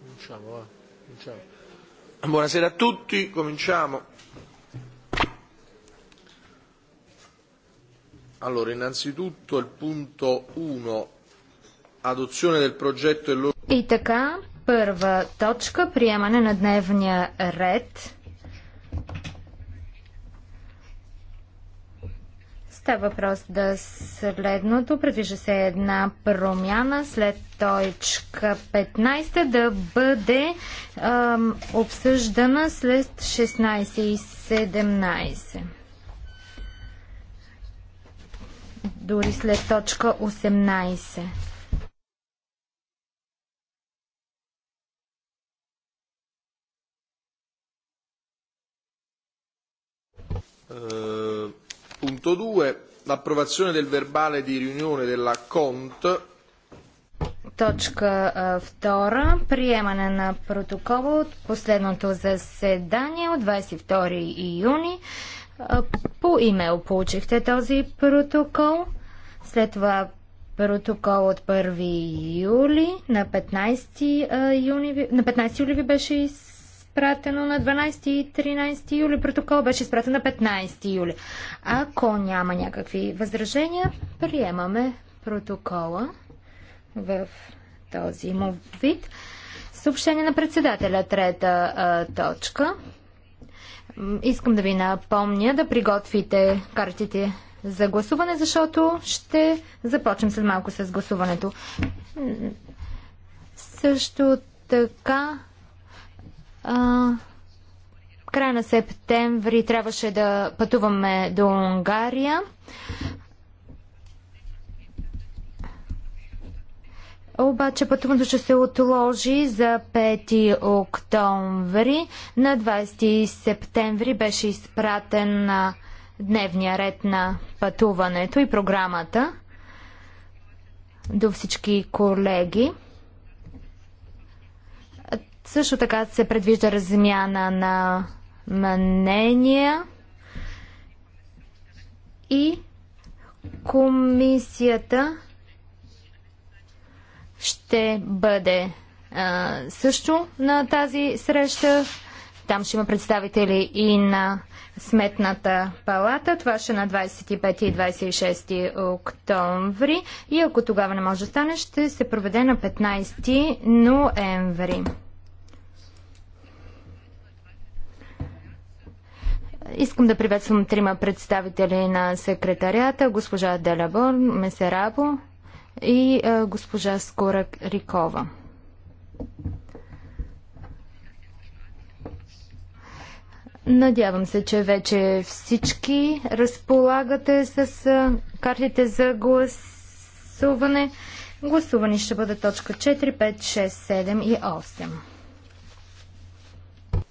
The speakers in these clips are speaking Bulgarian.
Cominciamo, va. Cominciamo. Buonasera a tutti, cominciamo. Allora, innanzitutto il punto 1, adozione del progetto e И така, първа точка, приемане на дневния ред. Става въпрос да следното. Предвижда се една промяна след точка 15 да бъде ем, обсъждана след 16 и 17. Дори след точка 18. Uh е, Punto 2. L'approvazione del verbale di riunione della CONT. Точка 2. Приемане на протокола от последното заседание от 22 юни. По имейл получихте този протокол. След това протокол от 1 юли на 15 юни. На 15 юли ви беше из изпратено на 12 и 13 юли, протокол беше изпратен на 15 юли. Ако няма някакви възражения, приемаме протокола в този му вид. Съобщение на председателя, трета а, точка. Искам да ви напомня да приготвите картите за гласуване, защото ще започнем след малко с гласуването. Също така края на септември трябваше да пътуваме до Унгария. Обаче пътуването ще се отложи за 5 октомври. На 20 септември беше изпратен на дневния ред на пътуването и програмата до всички колеги. Също така се предвижда размяна на мнения и комисията ще бъде а, също на тази среща. Там ще има представители и на Сметната палата. Това ще е на 25 и 26 октомври. И ако тогава не може да стане, ще се проведе на 15 ноември. Искам да приветствам трима представители на секретарията, госпожа Делябор Месерабо и е, госпожа Скора Рикова. Надявам се, че вече всички разполагате с е, картите за гласуване. Гласувани ще бъде точка 4, 5, 6, 7 и 8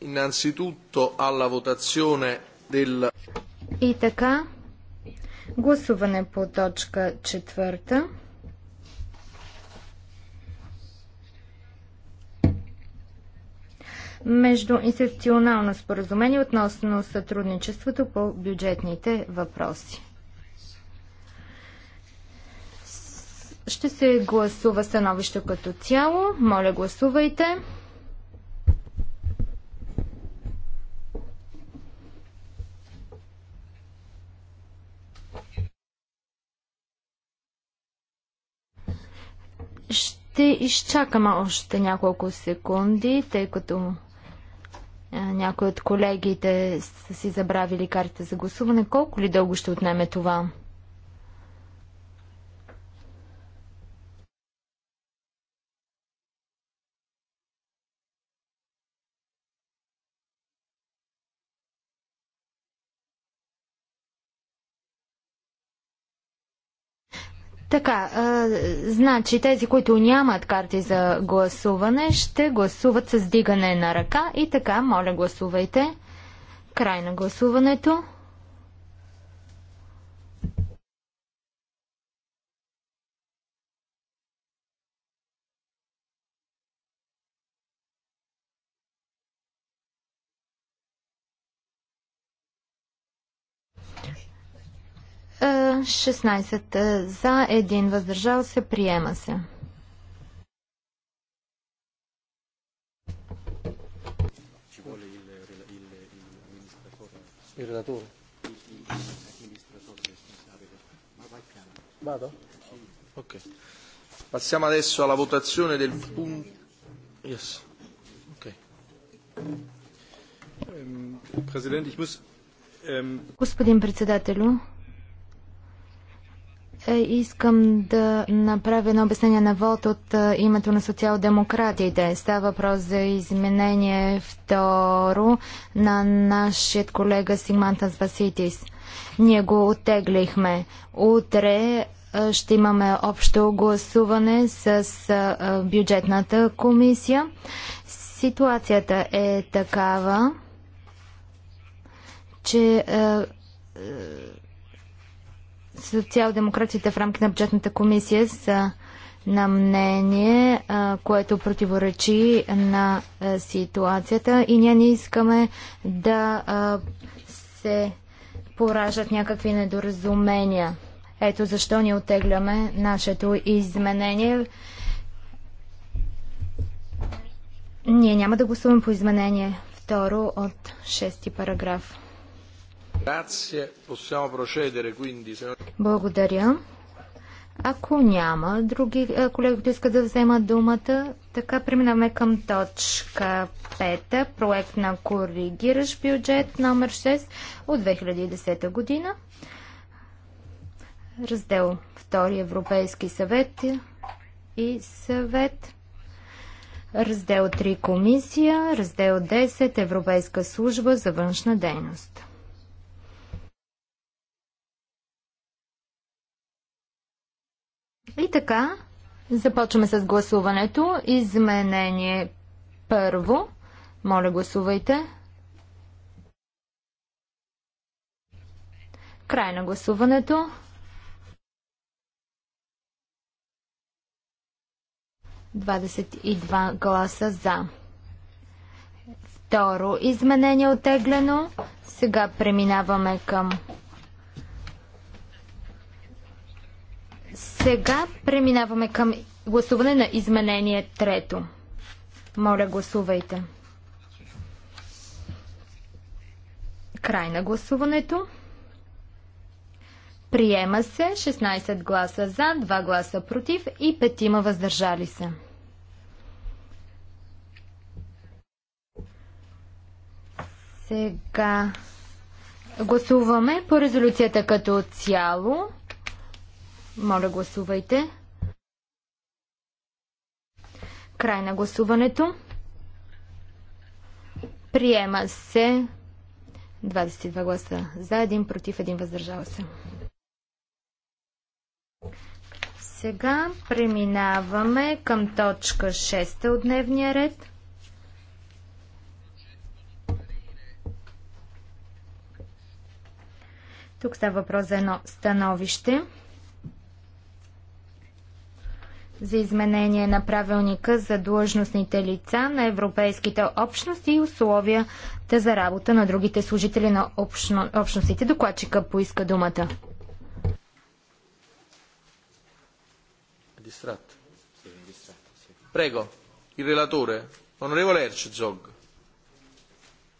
innanzitutto alla votazione del... И така, гласуване по точка четвърта. Между институционално споразумение относно сътрудничеството по бюджетните въпроси. Ще се гласува становище като цяло. Моля, гласувайте. Ще изчакам още няколко секунди, тъй като някои от колегите са си забравили карта за гласуване. Колко ли дълго ще отнеме това? Така, а, значи тези, които нямат карти за гласуване, ще гласуват с дигане на ръка и така, моля гласувайте. Край на гласуването. 16 за, 1 въздържал се, приема се. Vado? Ok. Passiamo adesso alla votazione del punto. Yes. Okay. Господин председателю, е, искам да направя едно обяснение на вод от е, името на социал-демократите. Става въпрос за изменение второ на нашия колега Симантас Васитис. Ние го оттеглихме. Утре е, ще имаме общо гласуване с бюджетната комисия. Ситуацията е такава, че Социал-демократите в рамки на бюджетната комисия са на мнение, което противоречи на ситуацията и ние не искаме да се поражат някакви недоразумения. Ето защо ни отегляме нашето изменение. Ние няма да гласуваме по изменение второ от шести параграф. Благодаря. Ако няма други е, колеги, които искат да вземат думата, така преминаваме към точка 5, проект на коригиращ бюджет номер 6 от 2010 година. Раздел 2 Европейски съвет и съвет. Раздел 3 Комисия. Раздел 10 Европейска служба за външна дейност. И така, започваме с гласуването. Изменение първо. Моля, гласувайте. Край на гласуването. Двадесет и два гласа за. Второ изменение отеглено. Сега преминаваме към Сега преминаваме към гласуване на изменение трето. Моля, гласувайте. Край на гласуването. Приема се 16 гласа за, 2 гласа против и 5 има въздържали се. Сега гласуваме по резолюцията като цяло. Моля, гласувайте. Край на гласуването. Приема се 22 гласа за, 1 против, 1 въздържал се. Сега преминаваме към точка 6 от дневния ред. Тук става въпрос за едно становище за изменение на правилника за длъжностните лица на европейските общности и условията за работа на другите служители на общно, общностите. Докладчика поиска думата. Прего. И релаторе.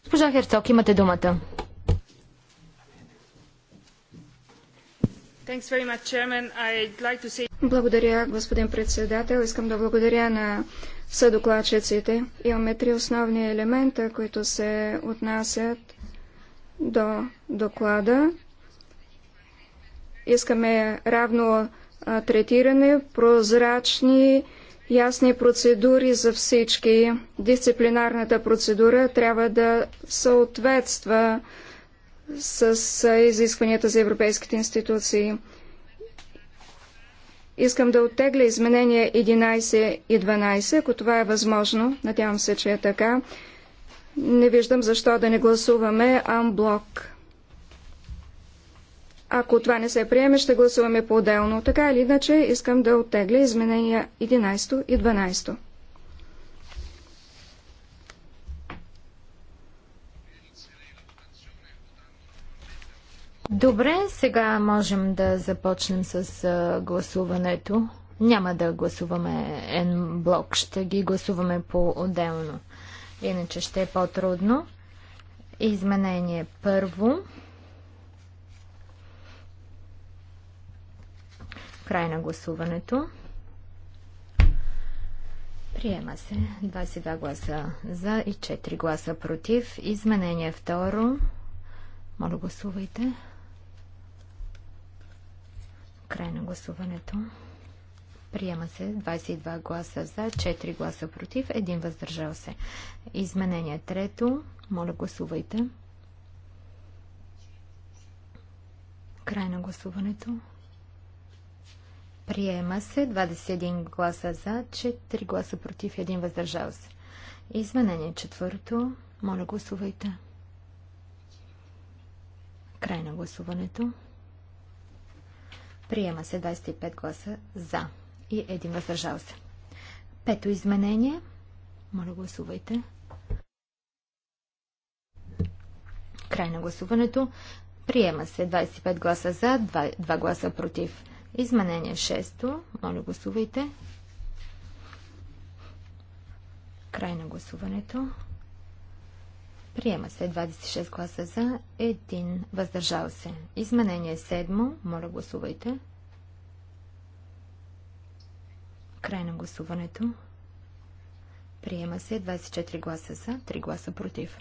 Госпожа Херцог, имате думата. Благодаря, господин председател. Искам да благодаря на съдокладчиците. Имаме три основни елемента, които се отнасят до доклада. Искаме равно третиране, прозрачни, ясни процедури за всички. Дисциплинарната процедура трябва да съответства с изискванията за европейските институции. Искам да оттегля изменения 11 и 12, ако това е възможно. Надявам се, че е така. Не виждам защо да не гласуваме амблок. Ако това не се приеме, ще гласуваме по-отделно. Така или иначе, искам да оттегля изменения 11 и 12. Добре, сега можем да започнем с гласуването. Няма да гласуваме ен блок, ще ги гласуваме по-отделно. Иначе ще е по-трудно. Изменение първо. Край на гласуването. Приема се 22 гласа за и 4 гласа против. Изменение второ. Моля гласувайте. Край на гласуването. Приема се 22 гласа за, 4 гласа против, 1 въздържал се. Изменение трето. Моля гласувайте. Край на гласуването. Приема се 21 гласа за, 4 гласа против, 1 въздържал се. Изменение четвърто. Моля гласувайте. Край на гласуването. Приема се 25 гласа за и един въздържал се. Пето изменение. Моля, гласувайте. Край на гласуването. Приема се 25 гласа за, 2, 2 гласа против. Изменение 6. Моля, гласувайте. Край на гласуването. Приема се 26 гласа за, 1 въздържал се. Изменение 7. Моля гласувайте. Край на гласуването. Приема се 24 гласа за, 3 гласа против.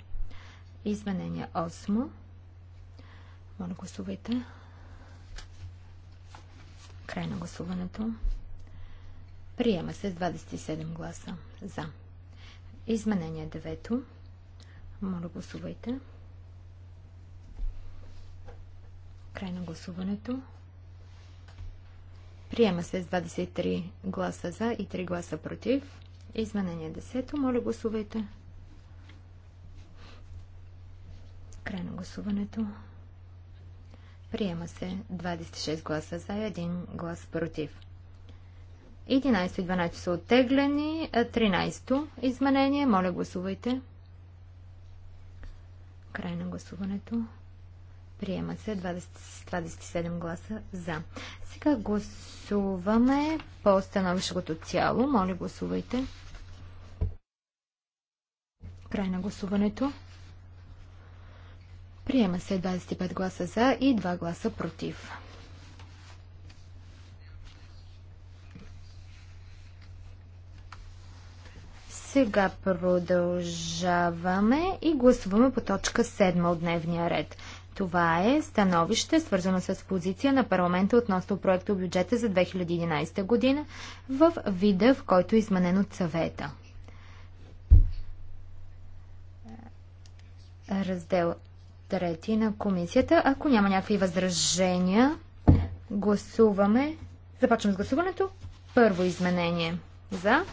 Изменение 8. Моля гласувайте. Край на гласуването. Приема се с 27 гласа за. Изменение 9. Моля, гласувайте. Край на гласуването. Приема се с 23 гласа за и 3 гласа против. Изменение 10. Моля, гласувайте. Край на гласуването. Приема се 26 гласа за и 1 глас против. 11 и 12 са оттеглени. 13 изменение. Моля, гласувайте. Край на гласуването. Приема се 20, 27 гласа за. Сега гласуваме по становището цяло. Моля, гласувайте. Край на гласуването. Приема се 25 гласа за и 2 гласа против. Сега продължаваме и гласуваме по точка 7 от дневния ред. Това е становище, свързано с позиция на парламента относно проекта бюджета за 2011 година в вида, в който е изменен от съвета. Раздел 3 на комисията. Ако няма някакви възражения, гласуваме. Започваме с гласуването. Първо изменение. За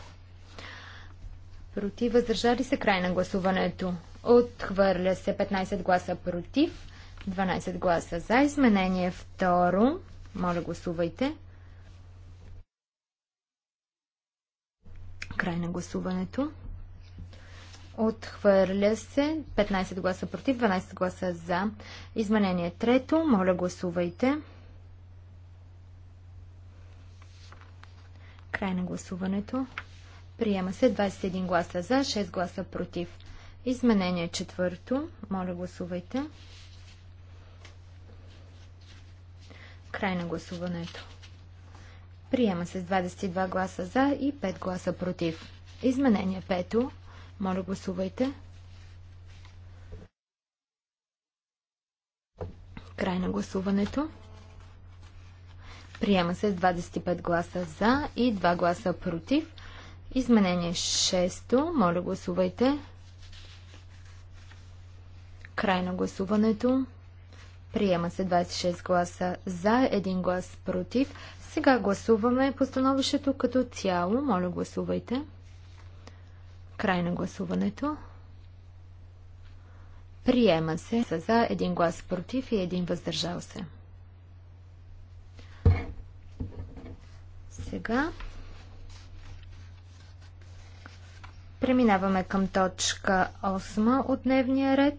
против, въздържали се край на гласуването. Отхвърля се 15 гласа против, 12 гласа за. Изменение второ. Моля, гласувайте. Край на гласуването. Отхвърля се 15 гласа против, 12 гласа за. Изменение трето. Моля, гласувайте. Край на гласуването. Приема се 21 гласа за, 6 гласа против. Изменение четвърто. Моля гласувайте. Край на гласуването. Приема се с 22 гласа за и 5 гласа против. Изменение пето. Моля гласувайте. Край на гласуването. Приема се с 25 гласа за и 2 гласа против. Изменение 6. Моля гласувайте. Край на гласуването. Приема се 26 гласа за, 1 глас против. Сега гласуваме постановището като цяло. Моля гласувайте. Край на гласуването. Приема се за, 1 глас против и 1 въздържал се. Сега Преминаваме към точка 8 от дневния ред.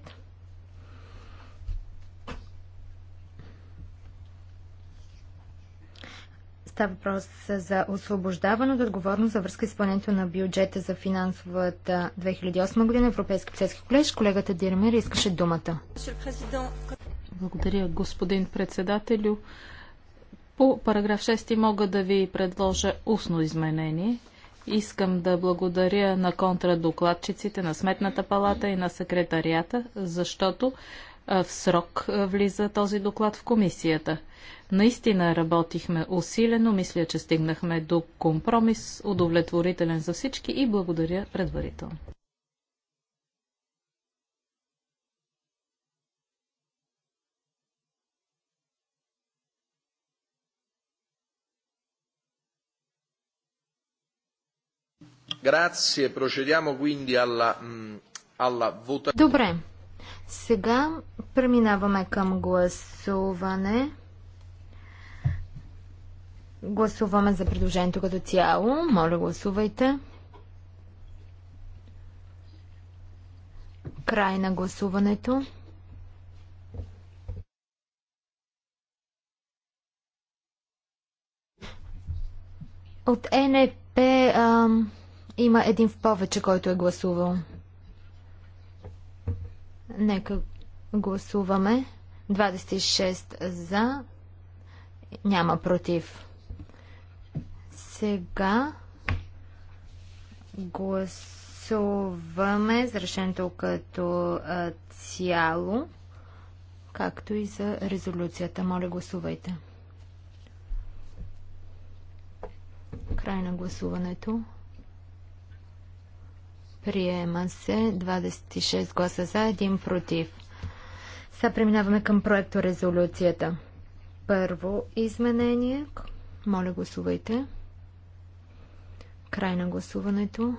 Става въпрос за освобождаване от отговорност за връзка с изпълнението на бюджета за финансовата 2008 година Европейски полицейски колеж. Колегата Дирмер искаше думата. Благодаря, господин председателю. По параграф 6 мога да ви предложа устно изменение – Искам да благодаря на контрадокладчиците, на Сметната палата и на секретарията, защото в срок влиза този доклад в комисията. Наистина работихме усилено, мисля, че стигнахме до компромис, удовлетворителен за всички и благодаря предварително. procediamo quindi alla, mm, alla Добре. Сега преминаваме към гласуване. Гласуваме за предложението като цяло. Моля, гласувайте. Край на гласуването. От НП има един в повече, който е гласувал. Нека гласуваме. 26 за. Няма против. Сега гласуваме за решението като цяло, както и за резолюцията. Моля, гласувайте. Край на гласуването. Приема се 26 гласа за, 1 против. Сега преминаваме към проекто резолюцията. Първо изменение. Моля, гласувайте. Край на гласуването.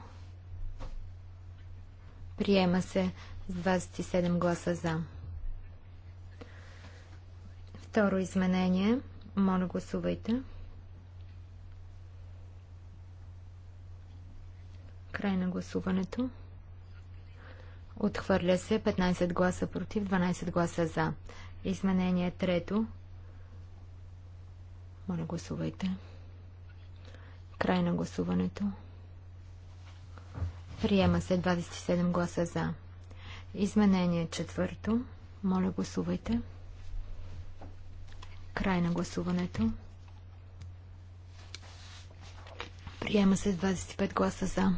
Приема се с 27 гласа за. Второ изменение. Моля, гласувайте. Край на гласуването. Отхвърля се 15 гласа против, 12 гласа за. Изменение трето. Моля, гласувайте. Край на гласуването. Приема се 27 гласа за. Изменение четвърто. Моля, гласувайте. Край на гласуването. Приема се 25 гласа за.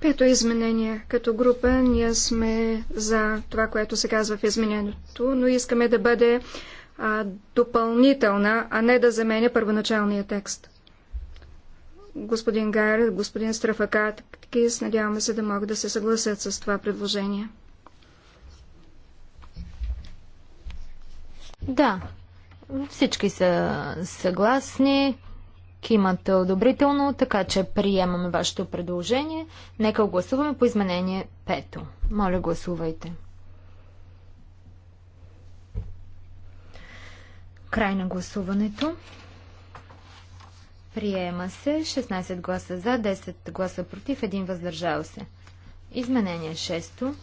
Пето изменение. Като група ние сме за това, което се казва в изменението, но искаме да бъде а, допълнителна, а не да заменя първоначалния текст. Господин Гайер, господин Страфакаткис, надяваме се да могат да се съгласят с това предложение. Да, всички са съгласни кимат е одобрително, така че приемаме вашето предложение. Нека гласуваме по изменение 5. Моля, гласувайте. Край на гласуването. Приема се 16 гласа за, 10 гласа против, 1 въздържал се. Изменение 6.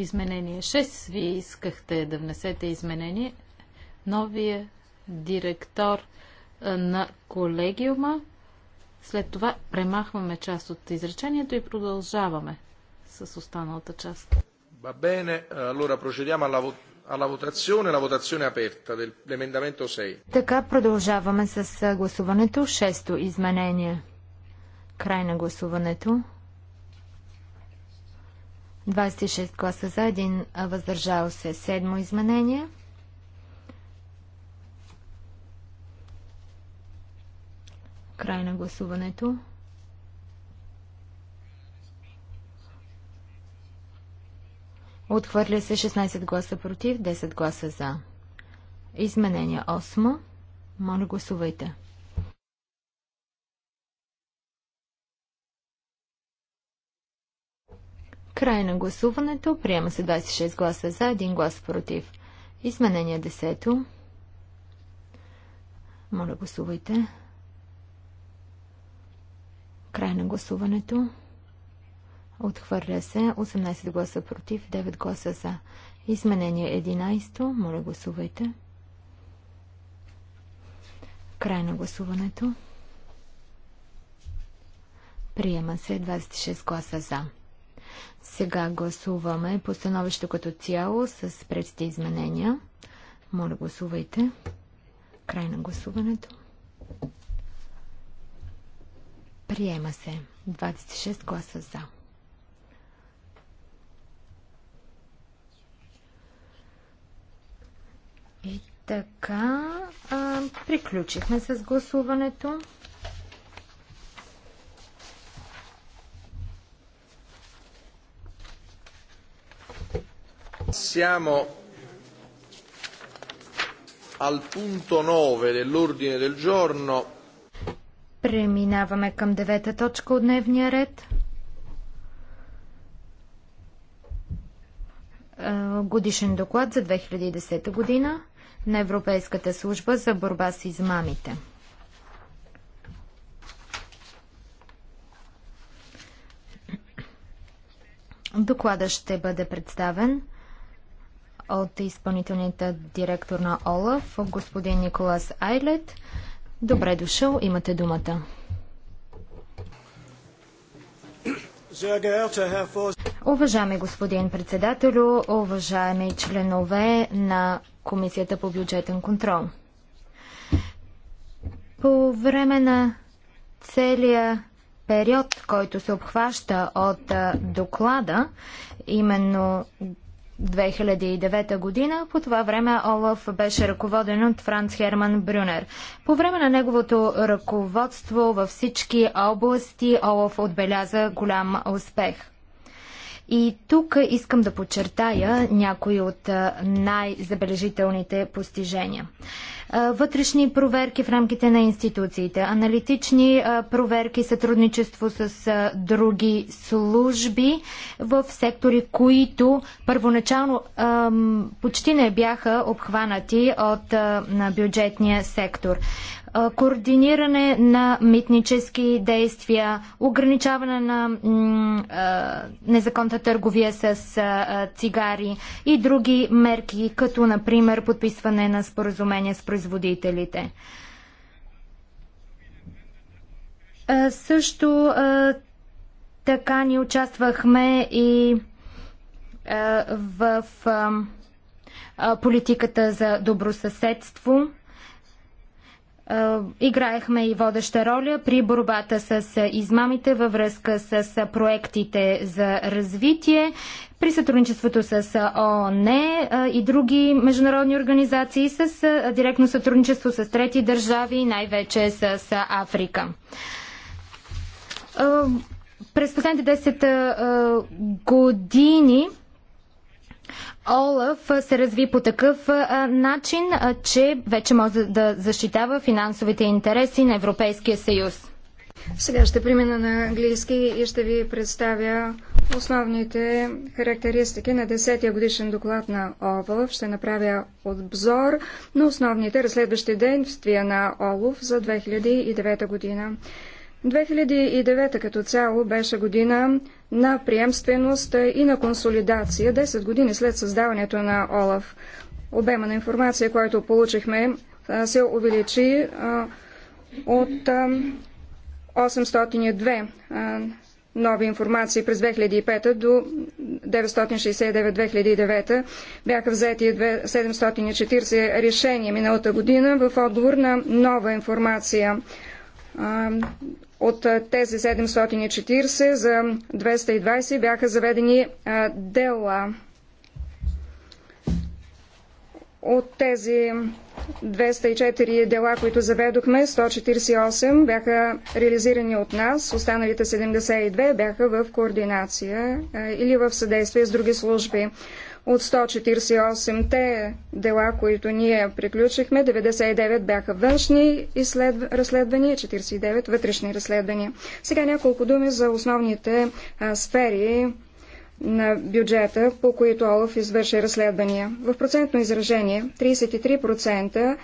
Изменение 6. Вие искахте да внесете изменение. Новия директор на колегиума. След това премахваме част от изречението и продължаваме с останалата част. Va bene, allora procediamo alla, vo- alla votazione, la votazione aperta dell'emendamento 6. Така продължаваме с гласуването. Шесто изменение. Край на гласуването. 26 гласа за, един въздържал се. Седмо изменение. Край на гласуването. Отхвърля се 16 гласа против, 10 гласа за. Изменение 8. Моля гласувайте. Край на гласуването. Приема се 26 гласа за, 1 глас против. Изменение 10. Моля, гласувайте. Край на гласуването. Отхвърля се 18 гласа против, 9 гласа за. Изменение 11. Моля, гласувайте. Край на гласуването. Приема се 26 гласа за. Сега гласуваме по становището като цяло с предсти изменения. Моля, гласувайте. Край на гласуването. Приема се. 26 гласа за. И така, а, приключихме с гласуването. Passiamo al punto 9 dell'ordine del giorno. Преминаваме към девета точка от дневния ред. Е, годишен доклад за 2010 година на Европейската служба за борба с измамите. Докладът ще бъде представен от изпълнителният директор на ОЛАФ, господин Николас Айлет. Добре дошъл, имате думата. Уважаеми господин председателю, уважаеми членове на Комисията по бюджетен контрол. По време на целия период, който се обхваща от доклада, именно 2009 година. По това време Олаф беше ръководен от Франц Херман Брюнер. По време на неговото ръководство във всички области Олаф отбеляза голям успех. И тук искам да подчертая някои от най-забележителните постижения. Вътрешни проверки в рамките на институциите, аналитични проверки, сътрудничество с други служби в сектори, които първоначално почти не бяха обхванати от бюджетния сектор координиране на митнически действия, ограничаване на незаконната търговия с цигари и други мерки, като например подписване на споразумения с производителите. Също така ни участвахме и в политиката за добросъседство. Играехме и водеща роля при борбата с измамите във връзка с проектите за развитие, при сътрудничеството с ООН и други международни организации, с директно сътрудничество с трети държави, най-вече с Африка. През последните 10 години Олаф се разви по такъв начин, че вече може да защитава финансовите интереси на Европейския съюз. Сега ще премина на английски и ще ви представя основните характеристики на 10-я годишен доклад на ОЛАФ. Ще направя обзор на основните разследващи действия на ОЛАФ за 2009 година. 2009 като цяло беше година на приемственост и на консолидация, 10 години след създаването на ОЛАФ. Обема на информация, който получихме, се увеличи от 802 нови информации през 2005 до 969-2009 бяха взети 740 решения миналата година в отговор на нова информация. От тези 740 за 220 бяха заведени дела. От тези 204 дела, които заведохме, 148 бяха реализирани от нас, останалите 72 бяха в координация или в съдействие с други служби. От 148-те дела, които ние приключихме, 99 бяха външни разследвания, 49 вътрешни разследвания. Сега няколко думи за основните а, сфери на бюджета, по които Олаф извърши разследвания. В процентно изражение 33%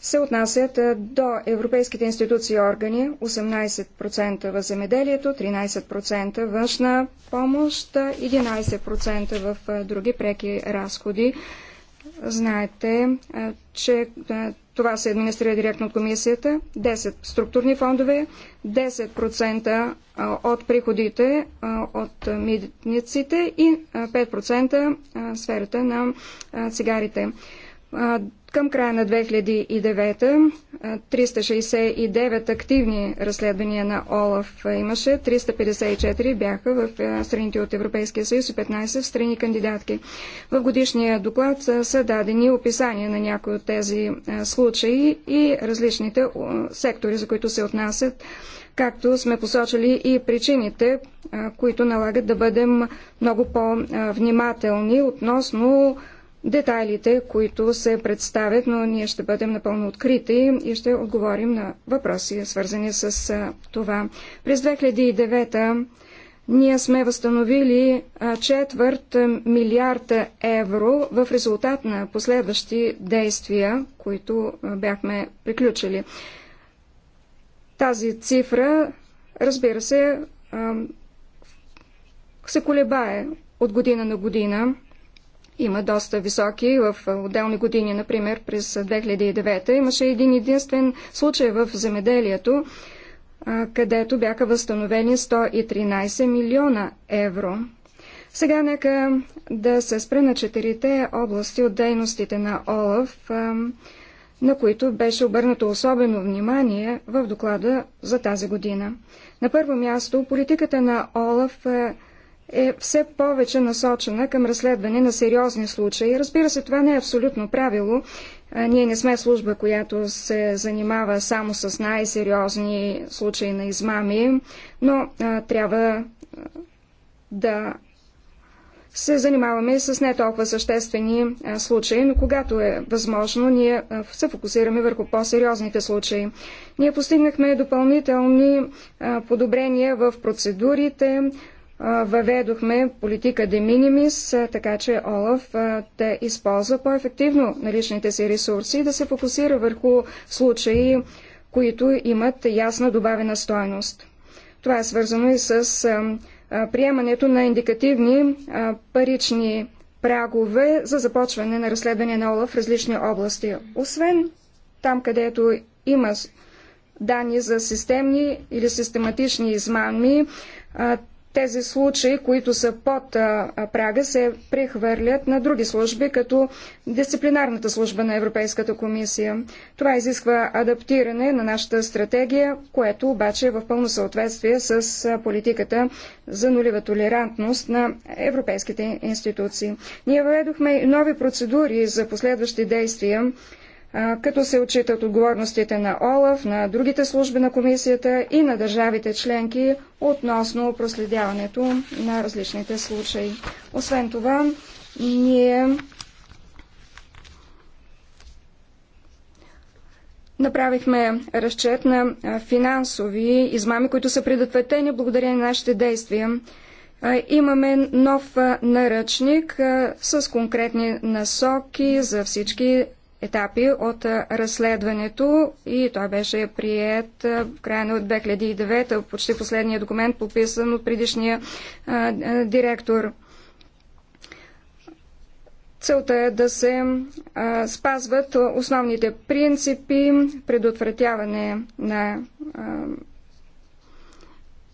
се отнасят до европейските институции и органи, 18% в земеделието, 13% външна помощ, 11% в други преки разходи. Знаете, че това се администрира директно от комисията. 10 структурни фондове, 10% от приходите от митниците и 5% сферата на цигарите. Към края на 2009 369 активни разследвания на ОЛАФ имаше, 354 бяха в страните от Европейския съюз и 15 в страни кандидатки. В годишния доклад са дадени описания на някои от тези случаи и различните сектори, за които се отнасят, както сме посочили и причините, които налагат да бъдем много по-внимателни относно детайлите, които се представят, но ние ще бъдем напълно открити и ще отговорим на въпроси, свързани с това. През 2009 ние сме възстановили четвърт милиард евро в резултат на последващи действия, които бяхме приключили. Тази цифра, разбира се, се колебае от година на година има доста високи в отделни години. Например, през 2009 имаше един единствен случай в земеделието, където бяха възстановени 113 милиона евро. Сега нека да се спре на четирите области от дейностите на ОЛАФ, на които беше обърнато особено внимание в доклада за тази година. На първо място, политиката на ОЛАФ е е все повече насочена към разследване на сериозни случаи. Разбира се, това не е абсолютно правило. Ние не сме служба, която се занимава само с най-сериозни случаи на измами, но а, трябва да се занимаваме с не толкова съществени а, случаи, но когато е възможно, ние а, се фокусираме върху по-сериозните случаи. Ние постигнахме допълнителни а, подобрения в процедурите, въведохме политика де минимис, така че Олаф да използва по-ефективно наличните си ресурси и да се фокусира върху случаи, които имат ясна добавена стойност. Това е свързано и с приемането на индикативни парични прагове за започване на разследване на Олаф в различни области. Освен там, където има данни за системни или систематични измами, тези случаи, които са под а, прага, се прехвърлят на други служби, като дисциплинарната служба на Европейската комисия. Това изисква адаптиране на нашата стратегия, което обаче е в пълно съответствие с политиката за нулева толерантност на европейските институции. Ние въведохме нови процедури за последващи действия като се отчитат отговорностите на ОЛАФ, на другите служби на комисията и на държавите членки относно проследяването на различните случаи. Освен това, ние направихме разчет на финансови измами, които са предотвратени благодарение на нашите действия. Имаме нов наръчник с конкретни насоки за всички етапи от разследването и той беше прият в края на 2009, почти последния документ, подписан от предишния а, директор. Целта е да се а, спазват основните принципи, предотвратяване на а,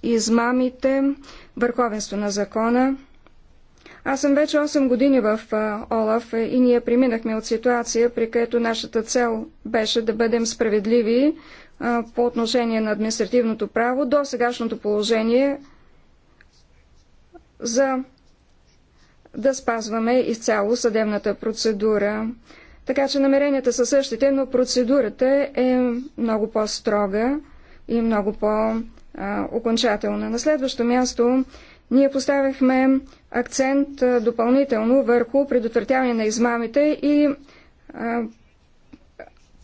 измамите, върховенство на закона. Аз съм вече 8 години в Олаф е, и ние преминахме от ситуация, при която нашата цел беше да бъдем справедливи по отношение на административното право до сегашното положение за да спазваме изцяло съдебната процедура. Така че намеренията са същите, но процедурата е много по-строга и много по-окончателна. На следващо място ние поставихме акцент допълнително върху предотвратяване на измамите и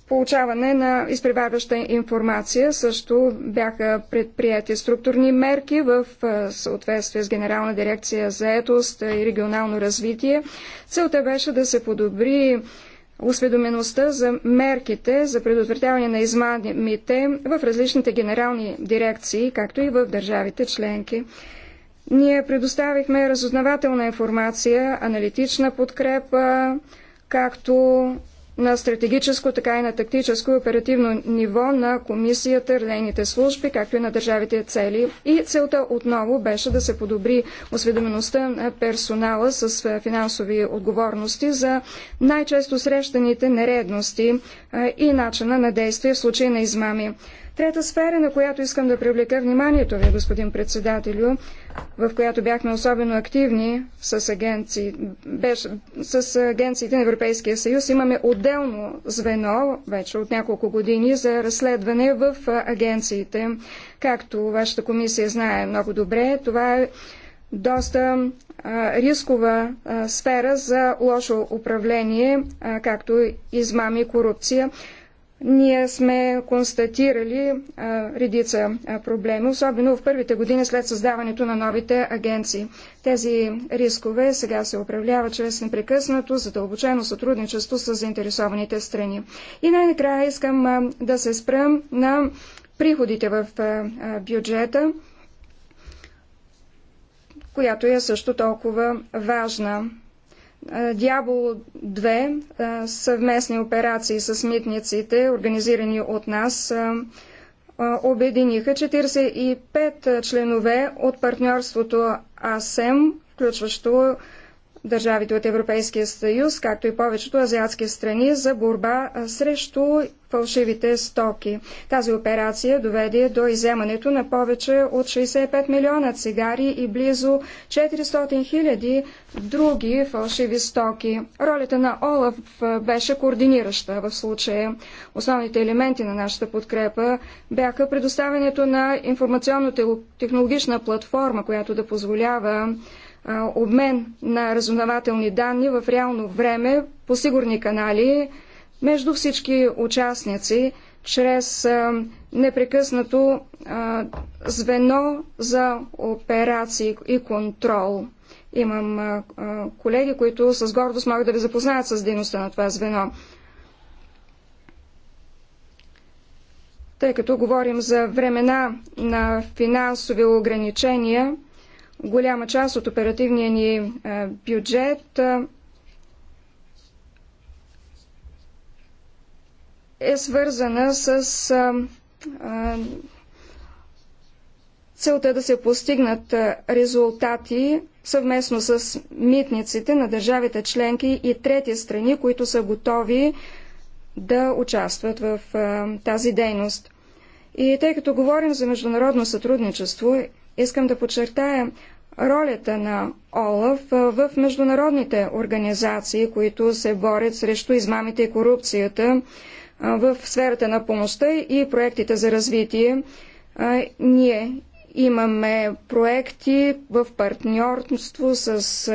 получаване на изпреварваща информация. Също бяха предприяти структурни мерки в съответствие с Генерална дирекция за етост и регионално развитие. Целта беше да се подобри осведомеността за мерките за предотвратяване на измамите в различните генерални дирекции, както и в държавите членки. Ние предоставихме разузнавателна информация, аналитична подкрепа, както на стратегическо, така и на тактическо и оперативно ниво на комисията, нейните служби, както и на държавите цели. И целта отново беше да се подобри осведомеността на персонала с финансови отговорности за най-често срещаните нередности и начина на действие в случай на измами. Трета сфера, на която искам да привлека вниманието ви, господин председателю, в която бяхме особено активни с, агенции, беше, с агенциите на Европейския съюз, имаме отделно звено вече от няколко години за разследване в агенциите. Както вашата комисия знае много добре, това е доста а, рискова а, сфера за лошо управление, а, както измами и корупция ние сме констатирали а, редица а, проблеми, особено в първите години след създаването на новите агенции. Тези рискове сега се управляват чрез непрекъснато задълбочено сътрудничество с заинтересованите страни. И най-накрая искам а, да се спрем на приходите в бюджета, която е също толкова важна. Е, Дявол 2 е, съвместни операции с митниците, организирани от нас, е, обединиха 45 членове от партньорството АСЕМ, включващо държавите от Европейския съюз, както и повечето азиатски страни, за борба срещу фалшивите стоки. Тази операция доведе до иземането на повече от 65 милиона цигари и близо 400 хиляди други фалшиви стоки. Ролята на Олаф беше координираща в случая. Основните елементи на нашата подкрепа бяха предоставянето на информационно-технологична платформа, която да позволява обмен на разузнавателни данни в реално време по сигурни канали между всички участници чрез непрекъснато звено за операции и контрол. Имам колеги, които с гордост могат да ви запознаят с дейността на това звено. Тъй като говорим за времена на финансови ограничения, Голяма част от оперативния ни е, бюджет е, е свързана с е, целта да се постигнат резултати съвместно с митниците на държавите членки и трети страни, които са готови да участват в тази дейност. И тъй като говорим за международно сътрудничество Искам да подчертая ролята на ОЛАФ в международните организации, които се борят срещу измамите и корупцията в сферата на помощта и проектите за развитие. Ние имаме проекти в партньорство с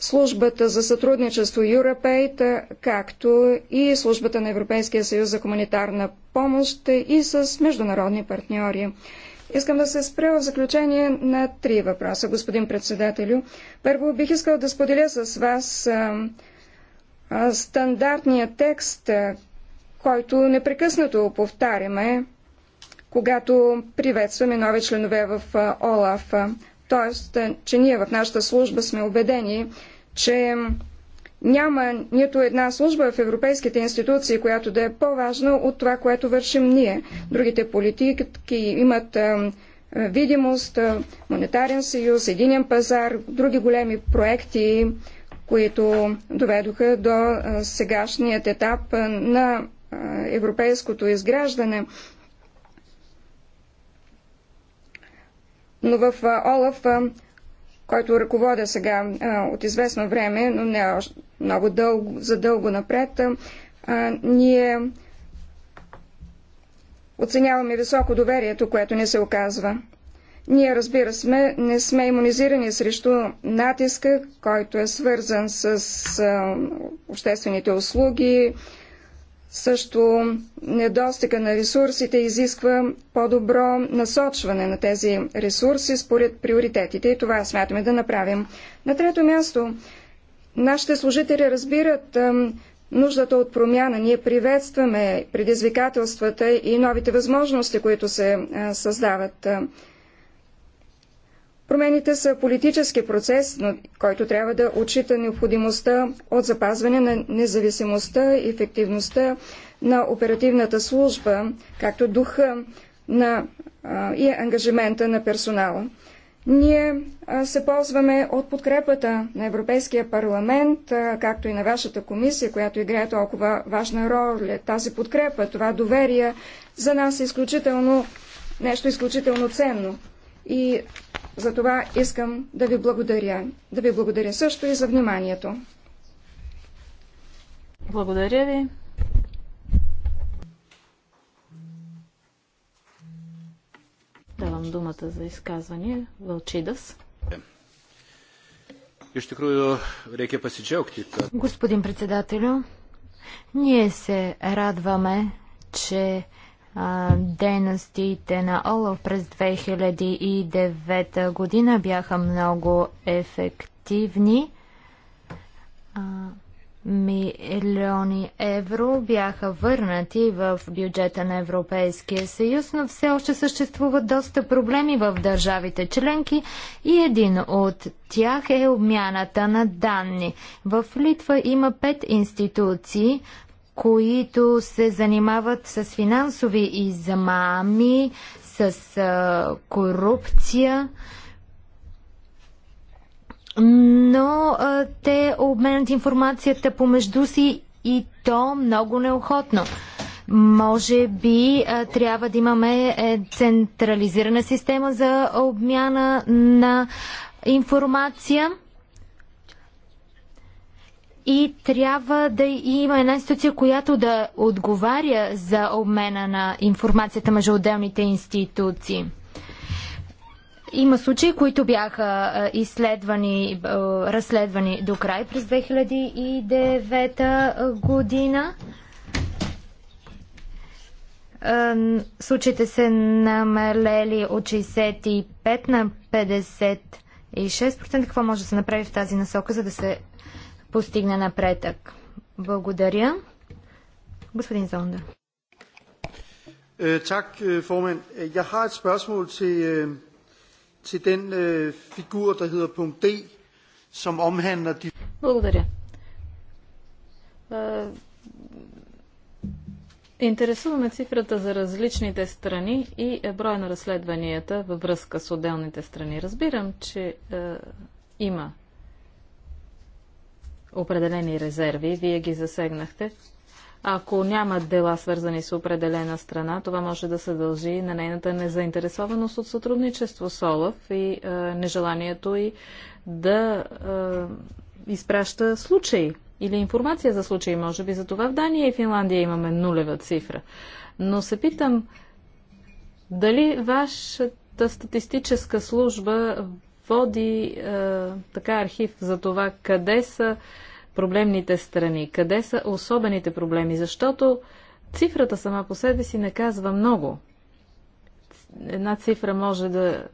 службата за сътрудничество Юрапейт, както и службата на Европейския съюз за хуманитарна помощ и с международни партньори. Искам да се спра в заключение на три въпроса, господин председателю. Първо бих искал да споделя с вас а, а, стандартния текст, а, който непрекъснато повтаряме, когато приветстваме нови членове в ОЛАФ. Тоест, е, че ние в нашата служба сме убедени, че няма нито една служба в европейските институции, която да е по-важна от това, което вършим ние. Другите политики имат е, е, видимост, монетарен съюз, единен пазар, други големи проекти, които доведоха до сегашният етап на европейското изграждане. Но в Олаф, който ръководя сега от известно време, но не още много дълго, за дълго напред, ние оценяваме високо доверието, което не се оказва. Ние, разбира се, не сме иммунизирани срещу натиска, който е свързан с обществените услуги, също недостига на ресурсите изисква по-добро насочване на тези ресурси според приоритетите и това смятаме да направим. На трето място, нашите служители разбират нуждата от промяна. Ние приветстваме предизвикателствата и новите възможности, които се създават. Промените са политически процес, но който трябва да отчита необходимостта от запазване на независимостта и ефективността на оперативната служба, както духа на, а, и ангажимента на персонала. Ние а, се ползваме от подкрепата на Европейския парламент, а, както и на вашата комисия, която играе толкова важна роля. Тази подкрепа, това доверие за нас е изключително, нещо изключително ценно. И за това искам да ви благодаря. Да ви благодаря също и за вниманието. Благодаря ви. Давам думата за изказване. Вълчидас. Господин председателю, ние се радваме, че дейностите на ОЛАФ през 2009 година бяха много ефективни. Милиони евро бяха върнати в бюджета на Европейския съюз, но все още съществуват доста проблеми в държавите членки и един от тях е обмяната на данни. В Литва има пет институции, които се занимават с финансови измами, с а, корупция, но а, те обменят информацията помежду си и то много неохотно. Може би а, трябва да имаме е, централизирана система за обмяна на информация и трябва да има една институция, която да отговаря за обмена на информацията между отделните институции. Има случаи, които бяха изследвани, разследвани до край през 2009 година. Случаите се намалели от 65 на 56%. Какво може да се направи в тази насока, за да се постигне напредък. Благодаря. Господин Зонда. Tak, е, е, formand. Е, jeg har et spørgsmål til, til den figur, der hedder punkt D, som omhandler de... Благодаря. Интересуваме цифрата за различните страни и броя на разследванията във връзка с отделните страни. Разбирам, че има определени резерви. Вие ги засегнахте. Ако няма дела свързани с определена страна, това може да се дължи на нейната незаинтересованост от сътрудничество с ОЛАФ и е, нежеланието и да е, изпраща случаи или информация за случаи. Може би за това в Дания и Финландия имаме нулева цифра. Но се питам, дали вашата статистическа служба води е, така архив за това къде са проблемните страни, къде са особените проблеми, защото цифрата сама по себе си не казва много. Една цифра може да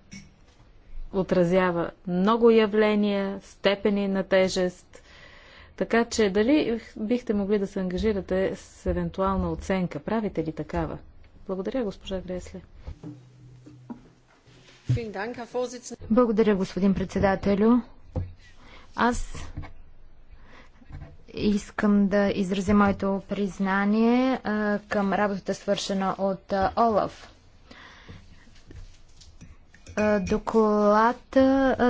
отразява много явления, степени на тежест. Така че дали бихте могли да се ангажирате с евентуална оценка? Правите ли такава? Благодаря, госпожа Гресле. Благодаря, господин председателю. Аз искам да изразя моето признание към работата свършена от Олав. Олаф. доклад,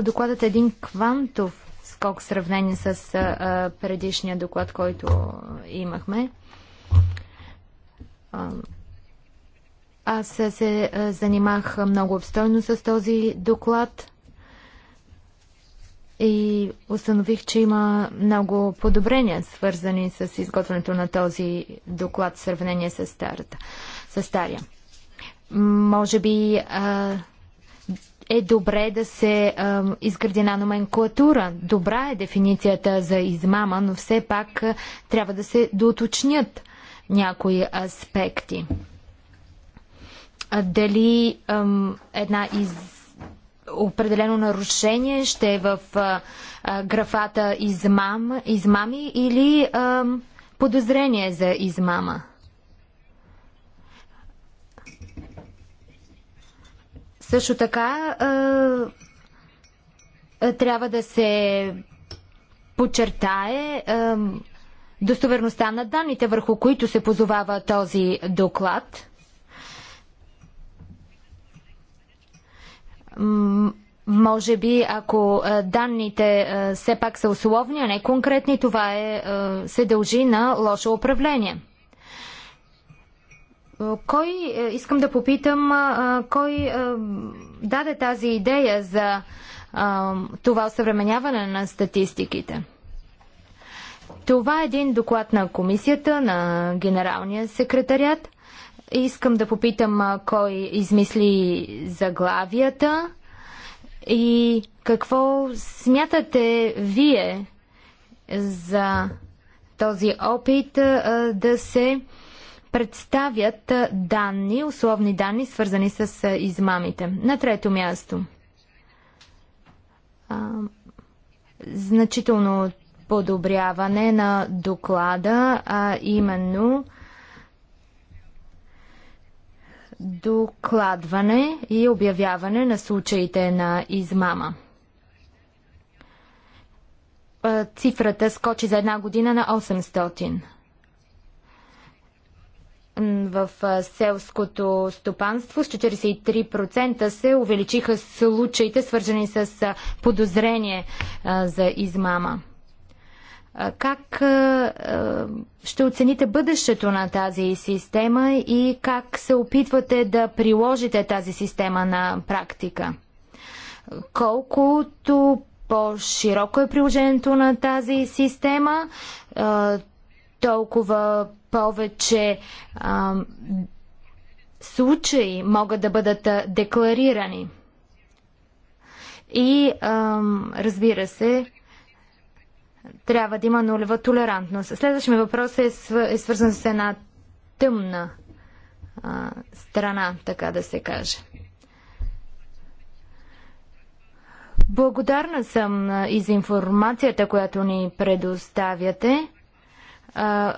докладът е един квантов скок в сравнение с предишния доклад, който имахме аз се е, занимах много обстойно с този доклад и установих, че има много подобрения, свързани с изготвянето на този доклад в сравнение с, старата, с стария. Може би е добре да се изгради на номенклатура. Добра е дефиницията за измама, но все пак трябва да се доуточнят някои аспекти дали една из определено нарушение ще е в а, графата измам, измами или подозрение за измама. Също така а, трябва да се подчертае достоверността на данните, върху които се позовава този доклад. може би, ако данните все пак са условни, а не конкретни, това е, се дължи на лошо управление. Кой, искам да попитам, кой даде тази идея за това осъвременяване на статистиките? Това е един доклад на комисията, на генералния секретарят – Искам да попитам кой измисли заглавията и какво смятате вие за този опит да се представят данни, условни данни, свързани с измамите. На трето място. Значително подобряване на доклада, а именно докладване и обявяване на случаите на измама. Е, цифрата скочи за една година на 800. В е, селското стопанство с 43% се увеличиха случаите, свързани с е, подозрение за измама. Как ще оцените бъдещето на тази система и как се опитвате да приложите тази система на практика? Колкото по-широко е приложението на тази система, толкова повече случаи могат да бъдат декларирани. И, разбира се, трябва да има нулева толерантност. Следващия ми въпрос е, е свързан с една тъмна а, страна, така да се каже. Благодарна съм и за информацията, която ни предоставяте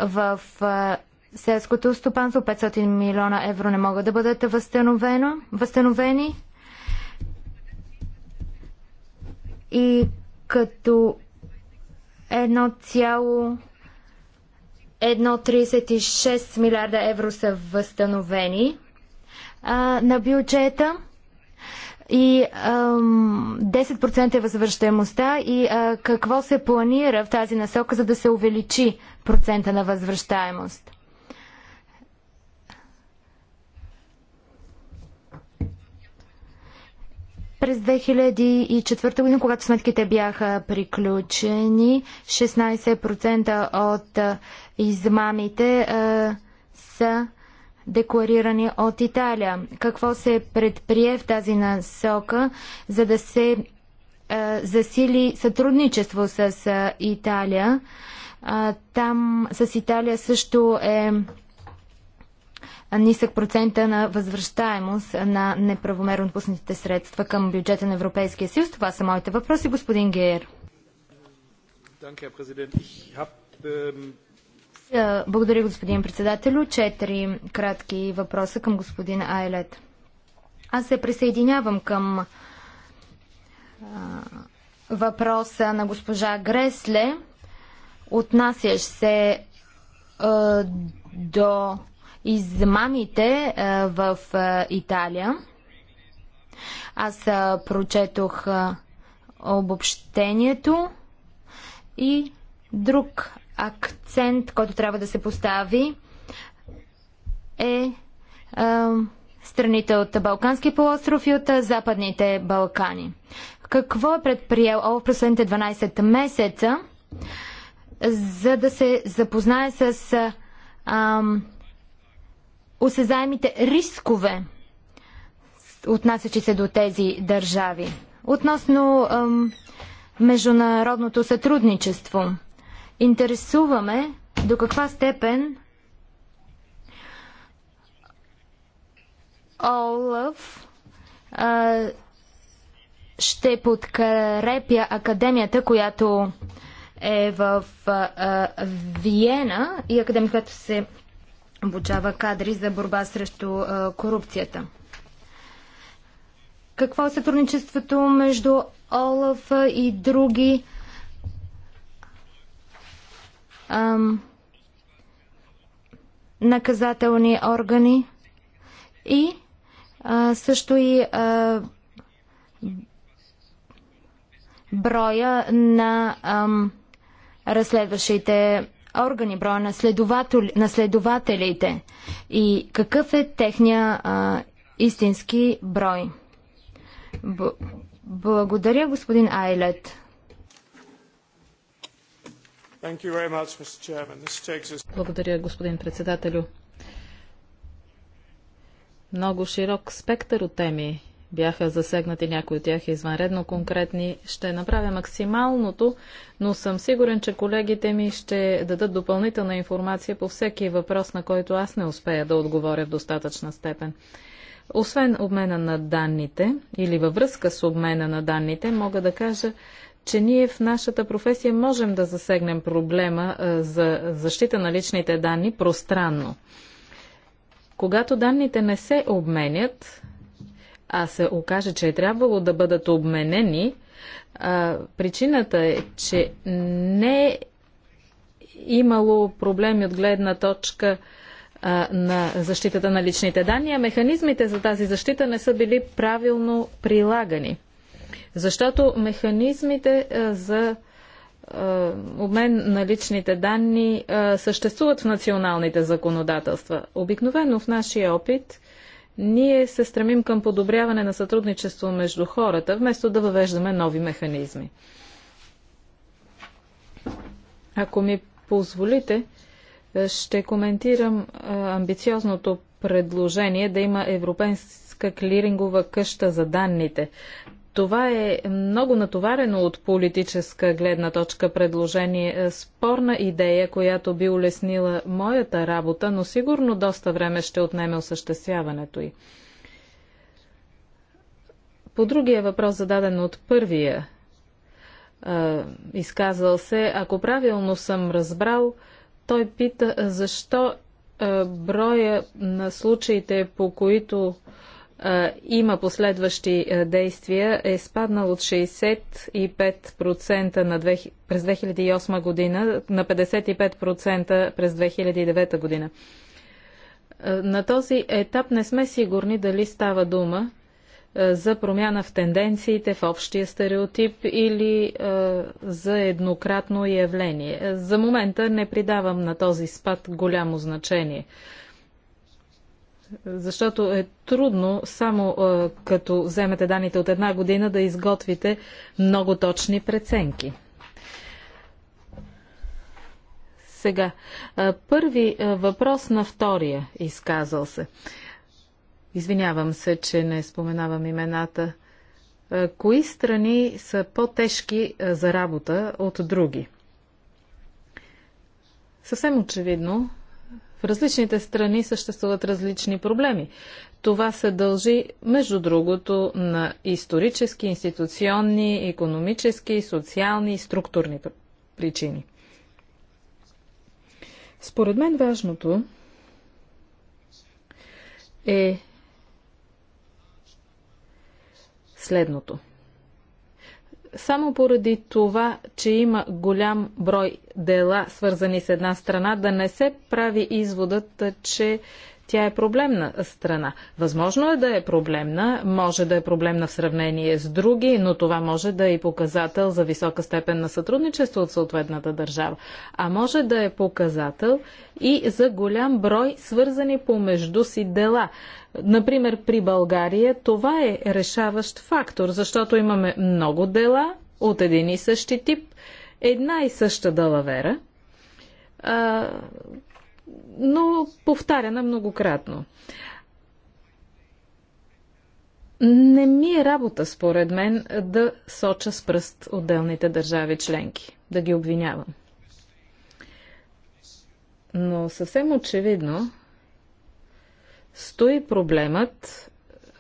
в селското стопанство. 500 милиона евро не могат да бъдат възстановени. И като 1,136 милиарда евро са възстановени а, на бюджета и а, 10% е възвръщаемостта и а, какво се планира в тази насока, за да се увеличи процента на възвръщаемост? През 2004 година, когато сметките бяха приключени, 16% от измамите а, са декларирани от Италия. Какво се предприе в тази насока, за да се а, засили сътрудничество с а, Италия? там с Италия също е нисък процента на възвръщаемост на неправомерно отпуснатите средства към бюджета на Европейския съюз. Това са моите въпроси, господин Гейер. Ähm, е, благодаря, господин председателю. Четири кратки въпроса към господин Айлет. Аз се присъединявам към а, въпроса на госпожа Гресле, отнасящ се а, до измамите е, в е, Италия. Аз е, прочетох обобщението и друг акцент, който трябва да се постави е страните от Балканския полуостров и от Западните Балкани. Какво е предприел в последните 12 месеца, за да се запознае с ам, осезаемите рискове, отнасячи се до тези държави. Относно ам, международното сътрудничество, интересуваме до каква степен Олъв ще подкрепя академията, която е в а, Виена и академията, която се обучава кадри за борба срещу корупцията. Какво е сътрудничеството между ОЛАФ и други ам, наказателни органи и а, също и а, броя на ам, разследващите органи, броя на, следовател, на следователите и какъв е техния а, истински брой. Б- благодаря, господин Айлет. Благодаря, господин председателю. Много широк спектър от теми бяха засегнати, някои от тях извънредно конкретни. Ще направя максималното, но съм сигурен, че колегите ми ще дадат допълнителна информация по всеки въпрос, на който аз не успея да отговоря в достатъчна степен. Освен обмена на данните или във връзка с обмена на данните, мога да кажа, че ние в нашата професия можем да засегнем проблема за защита на личните данни пространно. Когато данните не се обменят, а се окаже, че е трябвало да бъдат обменени, а, причината е, че не е имало проблеми от гледна точка а, на защитата на личните данни, а механизмите за тази защита не са били правилно прилагани. Защото механизмите а, за обмен на личните данни съществуват в националните законодателства. Обикновено в нашия опит ние се стремим към подобряване на сътрудничество между хората, вместо да въвеждаме нови механизми. Ако ми позволите, е, ще коментирам е, амбициозното предложение да има европейска клирингова къща за данните. Това е много натоварено от политическа гледна точка предложение. Е, спорна идея, която би улеснила моята работа, но сигурно доста време ще отнеме осъществяването й. По другия въпрос, зададен от първия е, изказал се, ако правилно съм разбрал, той пита защо е, броя на случаите, по които има последващи действия, е спаднал от 65% на 2, през 2008 година на 55% през 2009 година. На този етап не сме сигурни дали става дума за промяна в тенденциите, в общия стереотип или за еднократно явление. За момента не придавам на този спад голямо значение. Защото е трудно само е, като вземете данните от една година да изготвите много точни преценки. Сега, е, първи е, въпрос на втория изказал се. Извинявам се, че не споменавам имената. Кои страни са по-тежки за работа от други? Съвсем очевидно в различните страни съществуват различни проблеми. Това се дължи, между другото, на исторически, институционни, економически, социални и структурни причини. Според мен важното е следното – само поради това, че има голям брой дела, свързани с една страна, да не се прави изводът, че тя е проблемна страна. Възможно е да е проблемна, може да е проблемна в сравнение с други, но това може да е и показател за висока степен на сътрудничество от съответната държава. А може да е показател и за голям брой свързани помежду си дела. Например, при България това е решаващ фактор, защото имаме много дела от един и същи тип, една и съща далавера, но повтаряна многократно. Не ми е работа, според мен, да соча с пръст отделните държави членки, да ги обвинявам. Но съвсем очевидно стои проблемът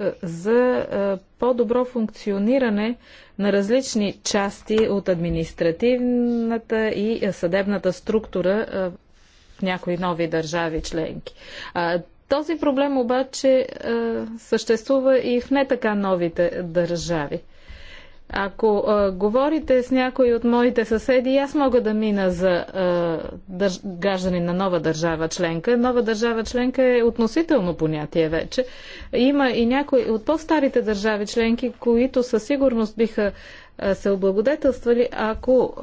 е, за е, по-добро функциониране на различни части от административната и е, съдебната структура в някои нови държави членки. Този проблем обаче съществува и в не така новите държави. Ако а, говорите с някой от моите съседи, аз мога да мина за а, държ... граждани на нова държава членка. Нова държава членка е относително понятие вече. Има и някои от по-старите държави членки, които със сигурност биха се облагодетелствали, ако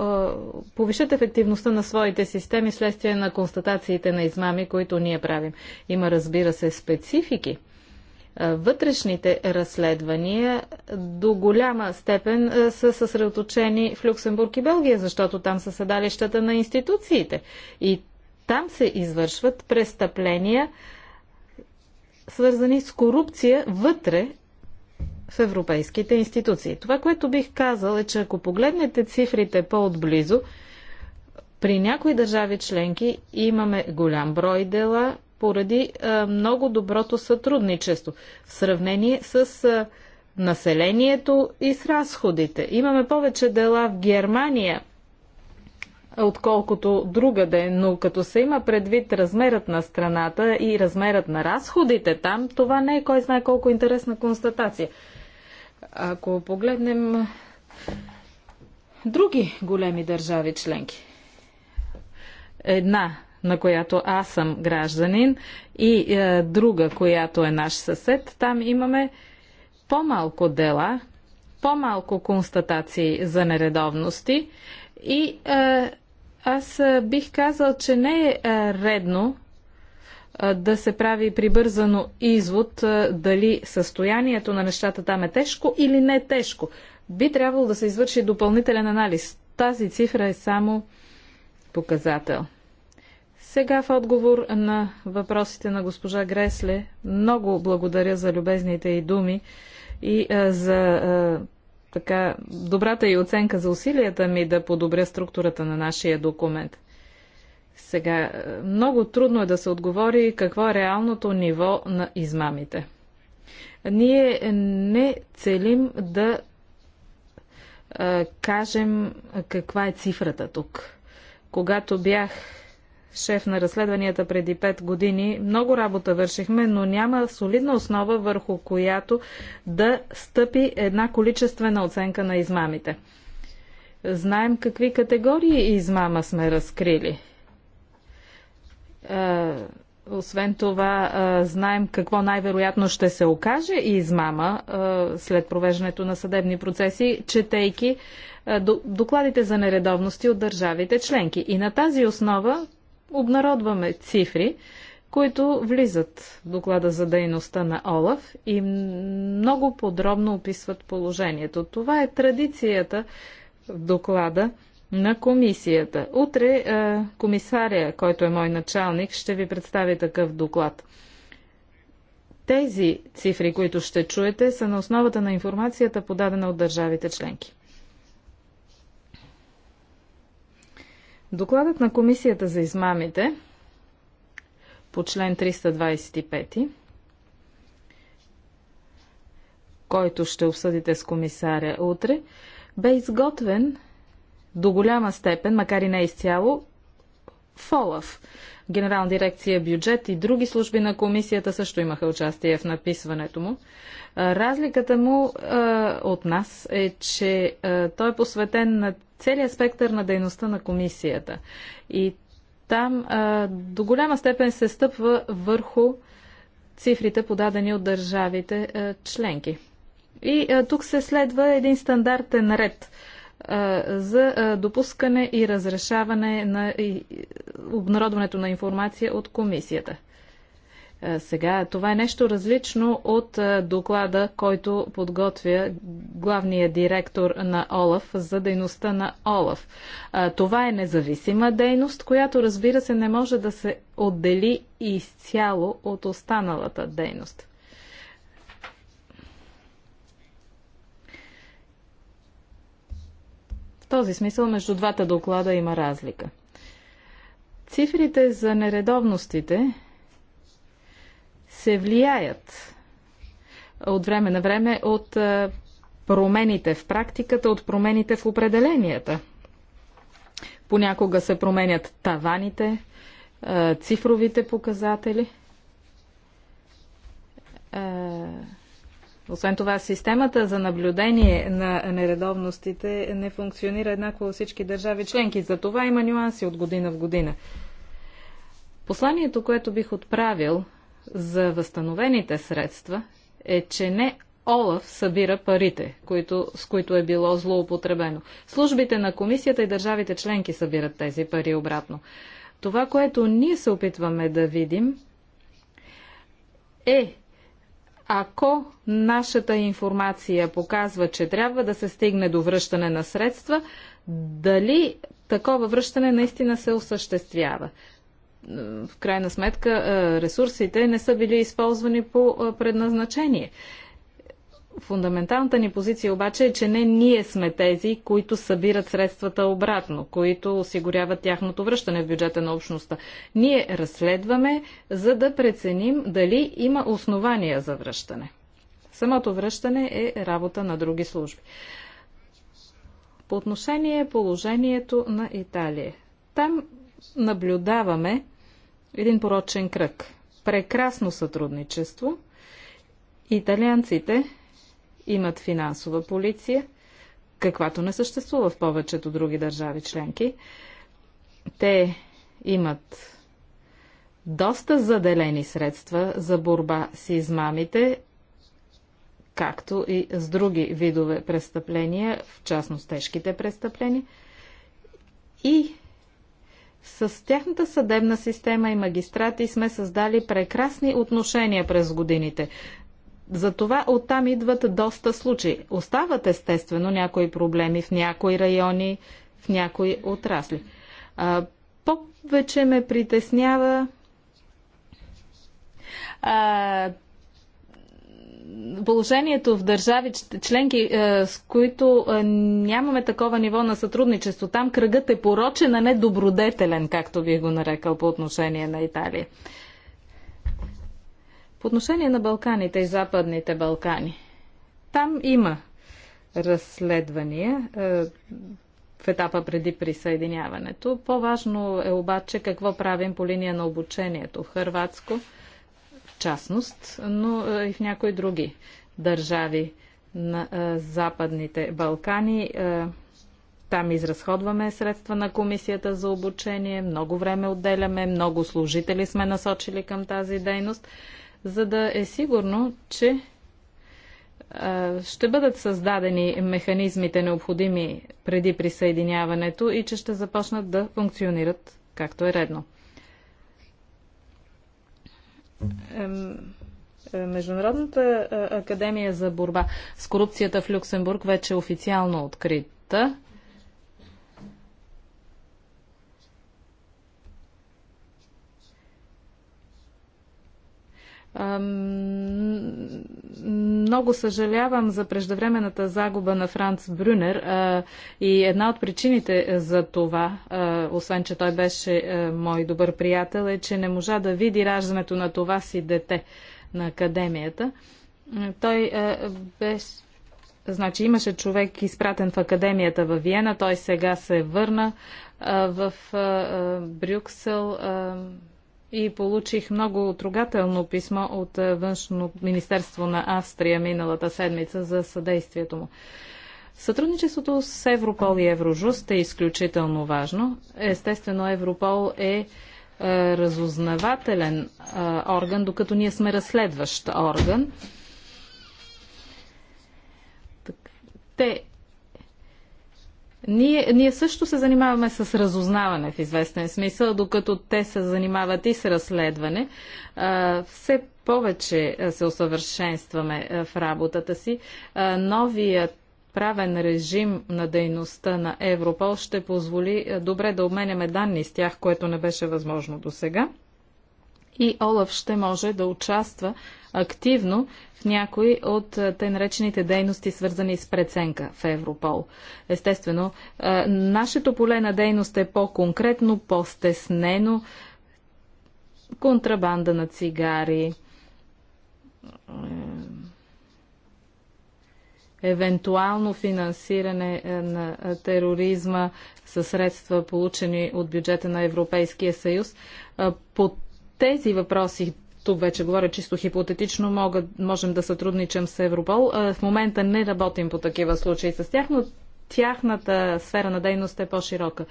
повишат ефективността на своите системи следствие на констатациите на измами, които ние правим. Има, разбира се, специфики вътрешните разследвания до голяма степен са съсредоточени в Люксембург и Белгия, защото там са седалищата на институциите. И там се извършват престъпления, свързани с корупция вътре в европейските институции. Това, което бих казал е, че ако погледнете цифрите по-отблизо, при някои държави членки имаме голям брой дела поради а, много доброто сътрудничество в сравнение с а, населението и с разходите. Имаме повече дела в Германия, отколкото другаде, но като се има предвид размерът на страната и размерът на разходите там, това не е кой знае колко интересна констатация. Ако погледнем други големи държави членки, една, на която аз съм гражданин, и е, друга, която е наш съсед, там имаме по-малко дела, по-малко констатации за нередовности и е, аз е, бих казал, че не е, е редно да се прави прибързано извод дали състоянието на нещата там е тежко или не е тежко. Би трябвало да се извърши допълнителен анализ. Тази цифра е само показател. Сега в отговор на въпросите на госпожа Гресле, много благодаря за любезните и думи и а, за а, така добрата и оценка за усилията ми да подобря структурата на нашия документ. Сега, е, много трудно е да се отговори какво е реалното ниво на измамите. Ние не целим да а, е, кажем каква е цифрата тук. Когато бях шеф на разследванията преди 5 години, много работа вършихме, но няма солидна основа върху която да стъпи една количествена оценка на измамите. Знаем какви категории измама сме разкрили – е, освен това, е, знаем какво най-вероятно ще се окаже и измама е, след провеждането на съдебни процеси, четейки докладите за нередовности от държавите членки. И на тази основа обнародваме цифри, които влизат в доклада за дейността на ОЛАФ и много подробно описват положението. Това е традицията в доклада на комисията. Утре е, комисаря, който е мой началник, ще ви представи такъв доклад. Тези цифри, които ще чуете, са на основата на информацията, подадена от държавите членки. Докладът на Комисията за измамите по член 325, който ще обсъдите с комисаря утре, бе изготвен до голяма степен, макар и не изцяло, ФОЛАВ. Генерална дирекция бюджет и други служби на комисията също имаха участие в написването му. Разликата му а, от нас е, че а, той е посветен на целият спектър на дейността на комисията. И там а, до голяма степен се стъпва върху цифрите, подадени от държавите членки. И тук се следва един стандартен ред – за допускане и разрешаване на обнародването на информация от комисията. Сега това е нещо различно от доклада, който подготвя главният директор на ОЛАФ за дейността на ОЛАФ. Това е независима дейност, която разбира се не може да се отдели изцяло от останалата дейност. този смисъл между двата доклада има разлика. Цифрите за нередовностите се влияят от време на време от промените в практиката, от промените в определенията. Понякога се променят таваните, цифровите показатели – освен това, системата за наблюдение на нередовностите не функционира еднакво във всички държави членки. За това има нюанси от година в година. Посланието, което бих отправил за възстановените средства е, че не Олаф събира парите, които, с които е било злоупотребено. Службите на комисията и държавите членки събират тези пари обратно. Това, което ние се опитваме да видим, е ако нашата информация показва, че трябва да се стигне до връщане на средства, дали такова връщане наистина се осъществява? В крайна сметка ресурсите не са били използвани по предназначение. Фундаменталната ни позиция обаче е, че не ние сме тези, които събират средствата обратно, които осигуряват тяхното връщане в бюджета на общността. Ние разследваме, за да преценим дали има основания за връщане. Самото връщане е работа на други служби. По отношение положението на Италия. Там наблюдаваме един порочен кръг. Прекрасно сътрудничество. Италианците имат финансова полиция, каквато не съществува в повечето други държави членки. Те имат доста заделени средства за борба с измамите, както и с други видове престъпления, в частност тежките престъпления. И с тяхната съдебна система и магистрати сме създали прекрасни отношения през годините. Затова оттам идват доста случаи. Остават естествено някои проблеми в някои райони, в някои отрасли. А, повече ме притеснява а, положението в държави членки, с които нямаме такова ниво на сътрудничество. Там кръгът е порочен, а не добродетелен, както бих го нарекал по отношение на Италия. По отношение на Балканите и Западните Балкани, там има разследвания е, в етапа преди присъединяването. По-важно е обаче какво правим по линия на обучението в Хрватско, в частност, но е, и в някои други държави на е, Западните Балкани. Там изразходваме средства на комисията за обучение, много време отделяме, много служители сме насочили към тази дейност за да е сигурно, че ще бъдат създадени механизмите необходими преди присъединяването и че ще започнат да функционират както е редно. Е, Международната академия за борба с корупцията в Люксембург вече е официално открита. Много съжалявам за преждевременната загуба на Франц Брюнер и една от причините за това, освен че той беше мой добър приятел, е, че не можа да види раждането на това си дете на академията. Той беше Значи имаше човек изпратен в академията във Виена, той сега се върна в Брюксел. А, и получих много трогателно писмо от е, Външно министерство на Австрия миналата седмица за съдействието му. Сътрудничеството с Европол и Еврожуст е изключително важно. Естествено, Европол е, е разузнавателен е, орган, докато ние сме разследващ орган. Те ние, ние също се занимаваме с разузнаване в известен смисъл, докато те се занимават и с разследване. Все повече се усъвършенстваме в работата си. Новият правен режим на дейността на Европол ще позволи добре да обменяме данни с тях, което не беше възможно до сега и Олаф ще може да участва активно в някои от тъй наречените дейности, свързани с преценка в Европол. Естествено, нашето поле на дейност е по-конкретно, по-стеснено, контрабанда на цигари, е, евентуално финансиране е, на е, тероризма със средства, получени от бюджета на Европейския съюз. По тези въпроси, тук вече говоря чисто хипотетично, мога, можем да сътрудничам с Европол. В момента не работим по такива случаи с тях, но тяхната сфера на дейност е по-широка.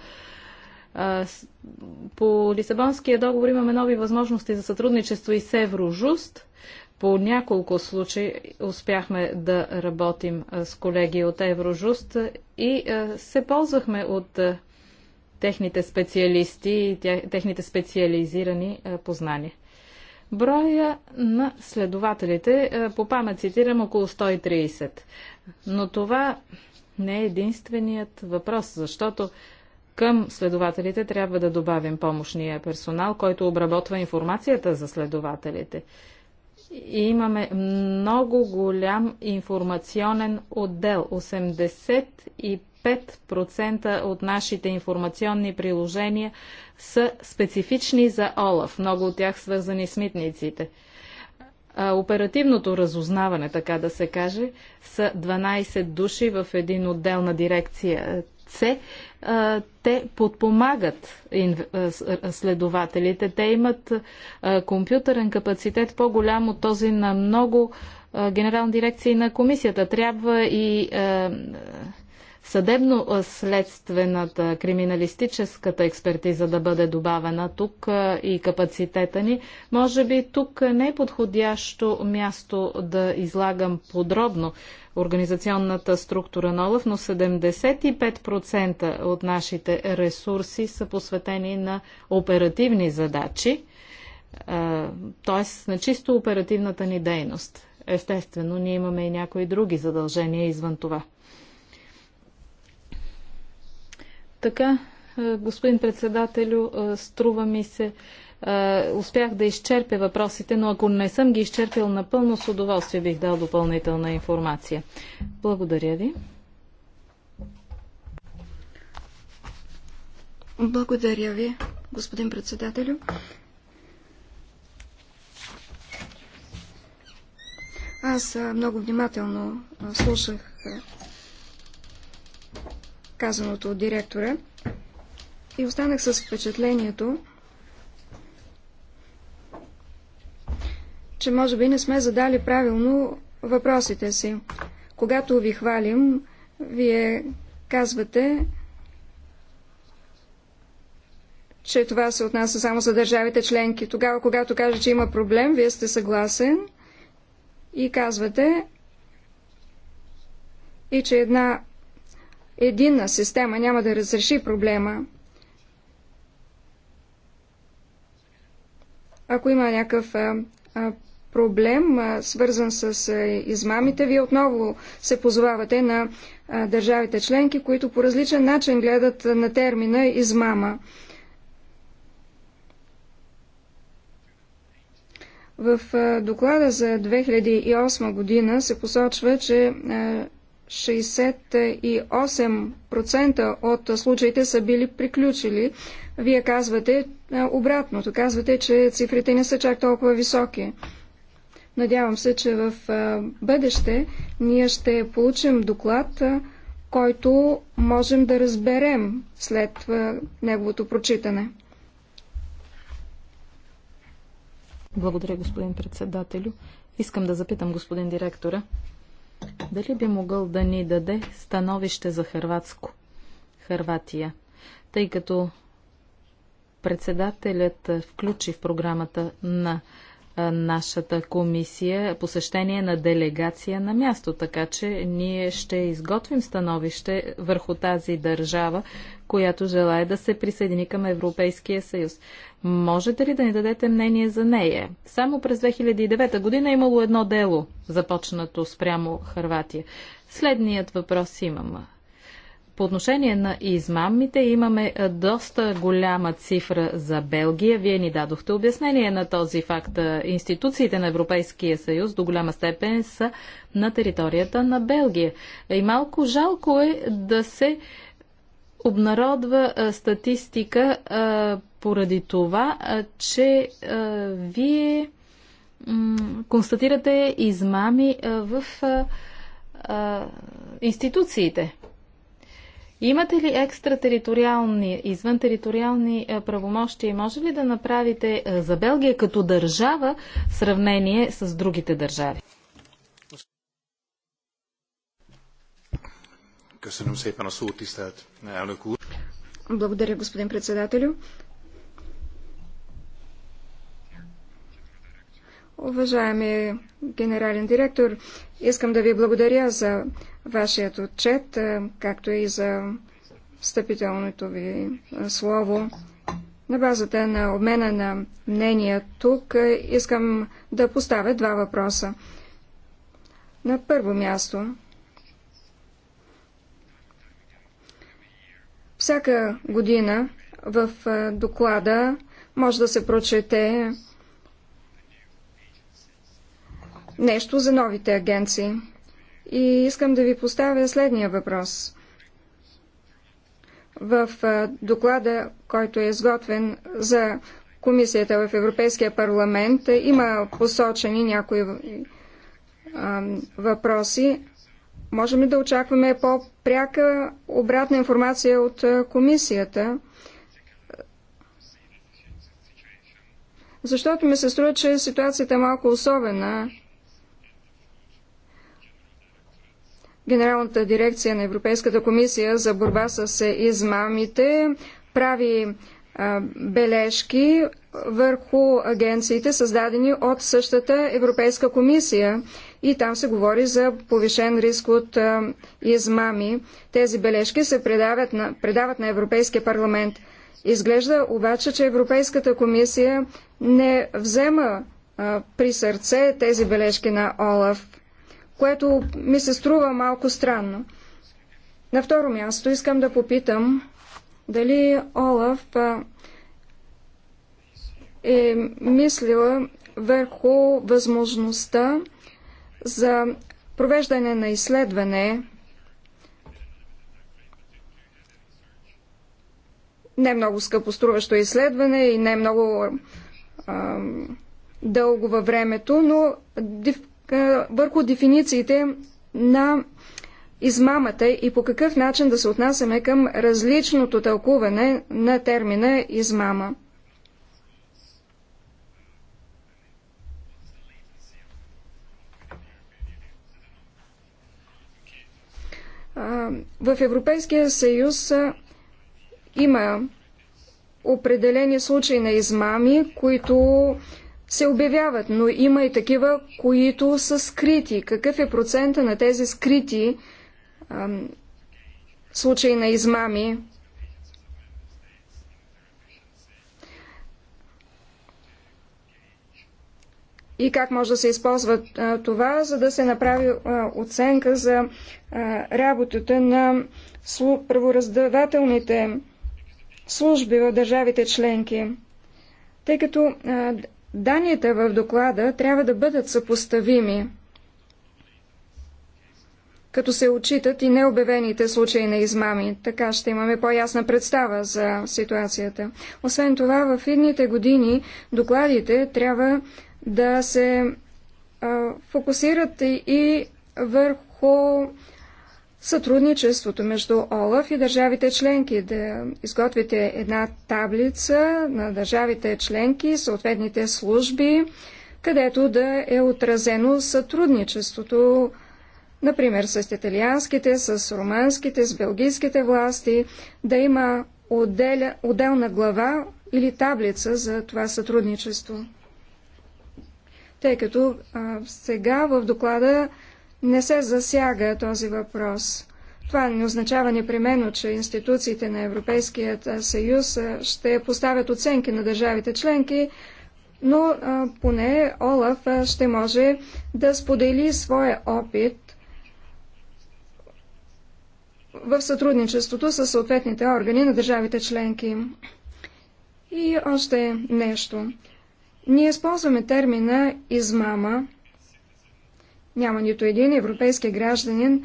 По Лисабонския договор имаме нови възможности за сътрудничество и с Еврожуст. По няколко случаи успяхме да работим с колеги от Еврожуст и се ползвахме от техните специалисти и техните специализирани познания. Броя на следователите, по памет цитирам, около 130. Но това не е единственият въпрос, защото към следователите трябва да добавим помощния персонал, който обработва информацията за следователите. И имаме много голям информационен отдел. 5% от нашите информационни приложения са специфични за ОЛАФ, много от тях свързани с митниците. А, оперативното разузнаване, така да се каже, са 12 души в един на дирекция С. те подпомагат следователите. Те имат компютърен капацитет по-голям от този на много генерални дирекции на комисията. Трябва и съдебно-следствената криминалистическата експертиза да бъде добавена тук и капацитета ни. Може би тук не е подходящо място да излагам подробно организационната структура на ОЛАФ, но 75% от нашите ресурси са посветени на оперативни задачи, т.е. на чисто оперативната ни дейност. Естествено, ние имаме и някои други задължения извън това. Така, господин председателю, струва ми се, успях да изчерпя въпросите, но ако не съм ги изчерпил напълно, с удоволствие бих дал допълнителна информация. Благодаря ви. Благодаря ви, господин председателю. Аз много внимателно слушах казаното от директора и останах с впечатлението, че може би не сме задали правилно въпросите си. Когато ви хвалим, вие казвате, че това се отнася само за държавите членки. Тогава, когато кажа, че има проблем, вие сте съгласен и казвате, и че една единна система няма да разреши проблема. Ако има някакъв проблем, свързан с измамите, вие отново се позовавате на държавите членки, които по различен начин гледат на термина измама. В доклада за 2008 година се посочва, че 68% от случаите са били приключили. Вие казвате обратното. Казвате, че цифрите не са чак толкова високи. Надявам се, че в бъдеще ние ще получим доклад, който можем да разберем след неговото прочитане. Благодаря, господин председателю. Искам да запитам господин директора дали би могъл да ни даде становище за Хрватско? Хрватия. Тъй като председателят включи в програмата на нашата комисия посещение на делегация на място, така че ние ще изготвим становище върху тази държава, която желая да се присъедини към Европейския съюз. Можете ли да ни дадете мнение за нея? Само през 2009 година е имало едно дело, започнато спрямо Харватия. Следният въпрос имам. По отношение на измамите имаме доста голяма цифра за Белгия. Вие ни дадохте обяснение на този факт. Институциите на Европейския съюз до голяма степен са на територията на Белгия. И малко жалко е да се обнародва статистика поради това, че вие констатирате измами в институциите. Имате ли екстратериториални, извънтериториални е, правомощия и може ли да направите е, за Белгия като държава в сравнение с другите държави? Eh, благодаря, господин председателю. Уважаеми генерален директор, искам да ви благодаря за вашият отчет, както и за встъпителното ви слово. На базата на обмена на мнения тук искам да поставя два въпроса. На първо място, всяка година в доклада може да се прочете нещо за новите агенции. И искам да ви поставя следния въпрос. В доклада, който е изготвен за комисията в Европейския парламент, има посочени някои въпроси. Можем ли да очакваме по-пряка обратна информация от комисията? Защото ми се струва, че ситуацията е малко особена Генералната дирекция на Европейската комисия за борба с измамите прави бележки върху агенциите, създадени от същата Европейска комисия. И там се говори за повишен риск от измами. Тези бележки се предават на, предават на Европейския парламент. Изглежда обаче, че Европейската комисия не взема а, при сърце тези бележки на Олаф което ми се струва малко странно. На второ място искам да попитам дали Олаф е мислила върху възможността за провеждане на изследване не много скъпоструващо изследване и не много а, дълго във времето, но върху дефинициите на измамата и по какъв начин да се отнасяме към различното тълкуване на термина измама. В Европейския съюз има определени случаи на измами, които се обявяват, но има и такива, които са скрити. Какъв е процента на тези скрити ам, случаи на измами? И как може да се използва а, това, за да се направи а, оценка за а, работата на слу... правораздавателните служби в държавите членки? Тъй като а, Данията в доклада трябва да бъдат съпоставими, като се отчитат и необявените случаи на измами. Така ще имаме по-ясна представа за ситуацията. Освен това, в идните години докладите трябва да се а, фокусират и върху сътрудничеството между ОЛАФ и държавите членки, да изготвите една таблица на държавите членки, съответните служби, където да е отразено сътрудничеството, например с италианските, с румънските, с белгийските власти, да има отделя, отделна глава или таблица за това сътрудничество. Тъй като а, сега в доклада не се засяга този въпрос. Това не означава непременно, че институциите на Европейският съюз ще поставят оценки на държавите членки, но а, поне Олаф ще може да сподели своя опит в сътрудничеството с съответните органи на държавите членки. И още нещо. Ние използваме термина измама няма нито един европейски гражданин,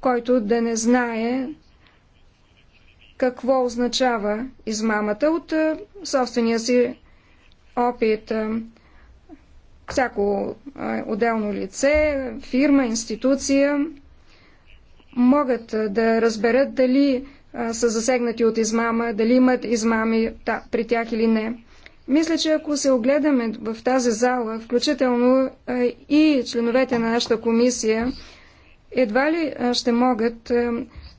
който да не знае какво означава измамата от е, собствения си опит. Е, всяко е, отделно лице, фирма, институция могат да разберат дали са засегнати от измама, дали имат измами при тях или не. Мисля, че ако се огледаме в тази зала, включително и членовете на нашата комисия, едва ли ще могат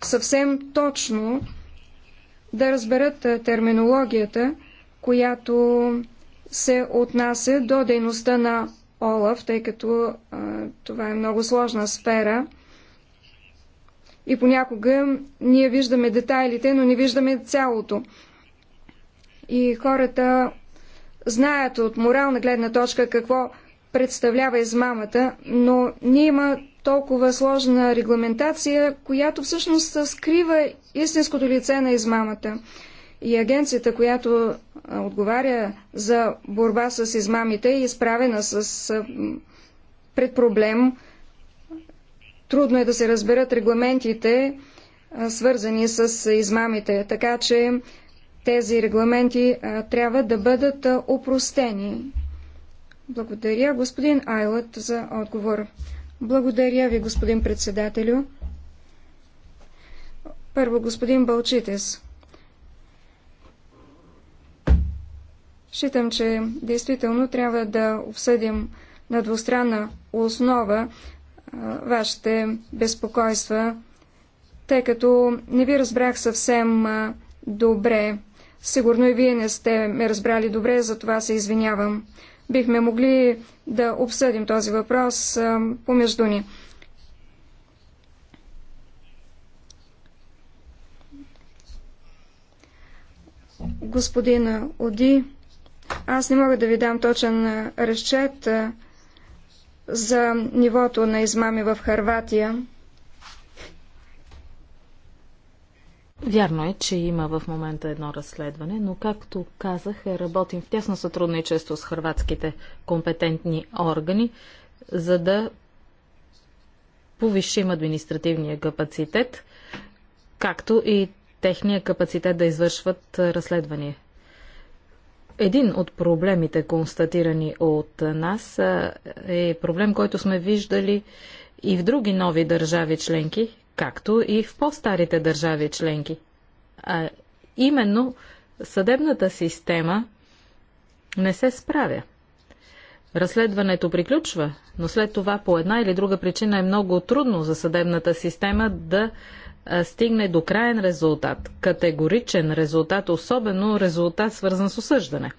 съвсем точно да разберат терминологията, която се отнася до дейността на Олаф, тъй като това е много сложна сфера. И понякога ние виждаме детайлите, но не виждаме цялото. И хората знаят от морална гледна точка какво представлява измамата, но ние има толкова сложна регламентация, която всъщност скрива истинското лице на измамата. И агенцията, която отговаря за борба с измамите, е изправена с предпроблем. Трудно е да се разберат регламентите, свързани с измамите. Така че тези регламенти а, трябва да бъдат а, упростени. Благодаря, господин Айлът, за отговор. Благодаря ви, господин председателю. Първо, господин Балчитес. Считам, че действително трябва да обсъдим на двустранна основа вашите безпокойства, тъй като не ви разбрах съвсем добре. Сигурно и вие не сте ме разбрали добре, за това се извинявам. Бихме могли да обсъдим този въпрос а, помежду ни. Господина Оди, аз не мога да ви дам точен разчет за нивото на измами в Харватия. Вярно е, че има в момента едно разследване, но както казах, работим в тясно сътрудничество с хрватските компетентни органи, за да повишим административния капацитет, както и техния капацитет да извършват разследвания. Един от проблемите, констатирани от нас, е проблем, който сме виждали и в други нови държави членки, както и в по-старите държави членки. А именно съдебната система не се справя. Разследването приключва, но след това по една или друга причина е много трудно за съдебната система да стигне до краен резултат, категоричен резултат, особено резултат свързан с осъждане.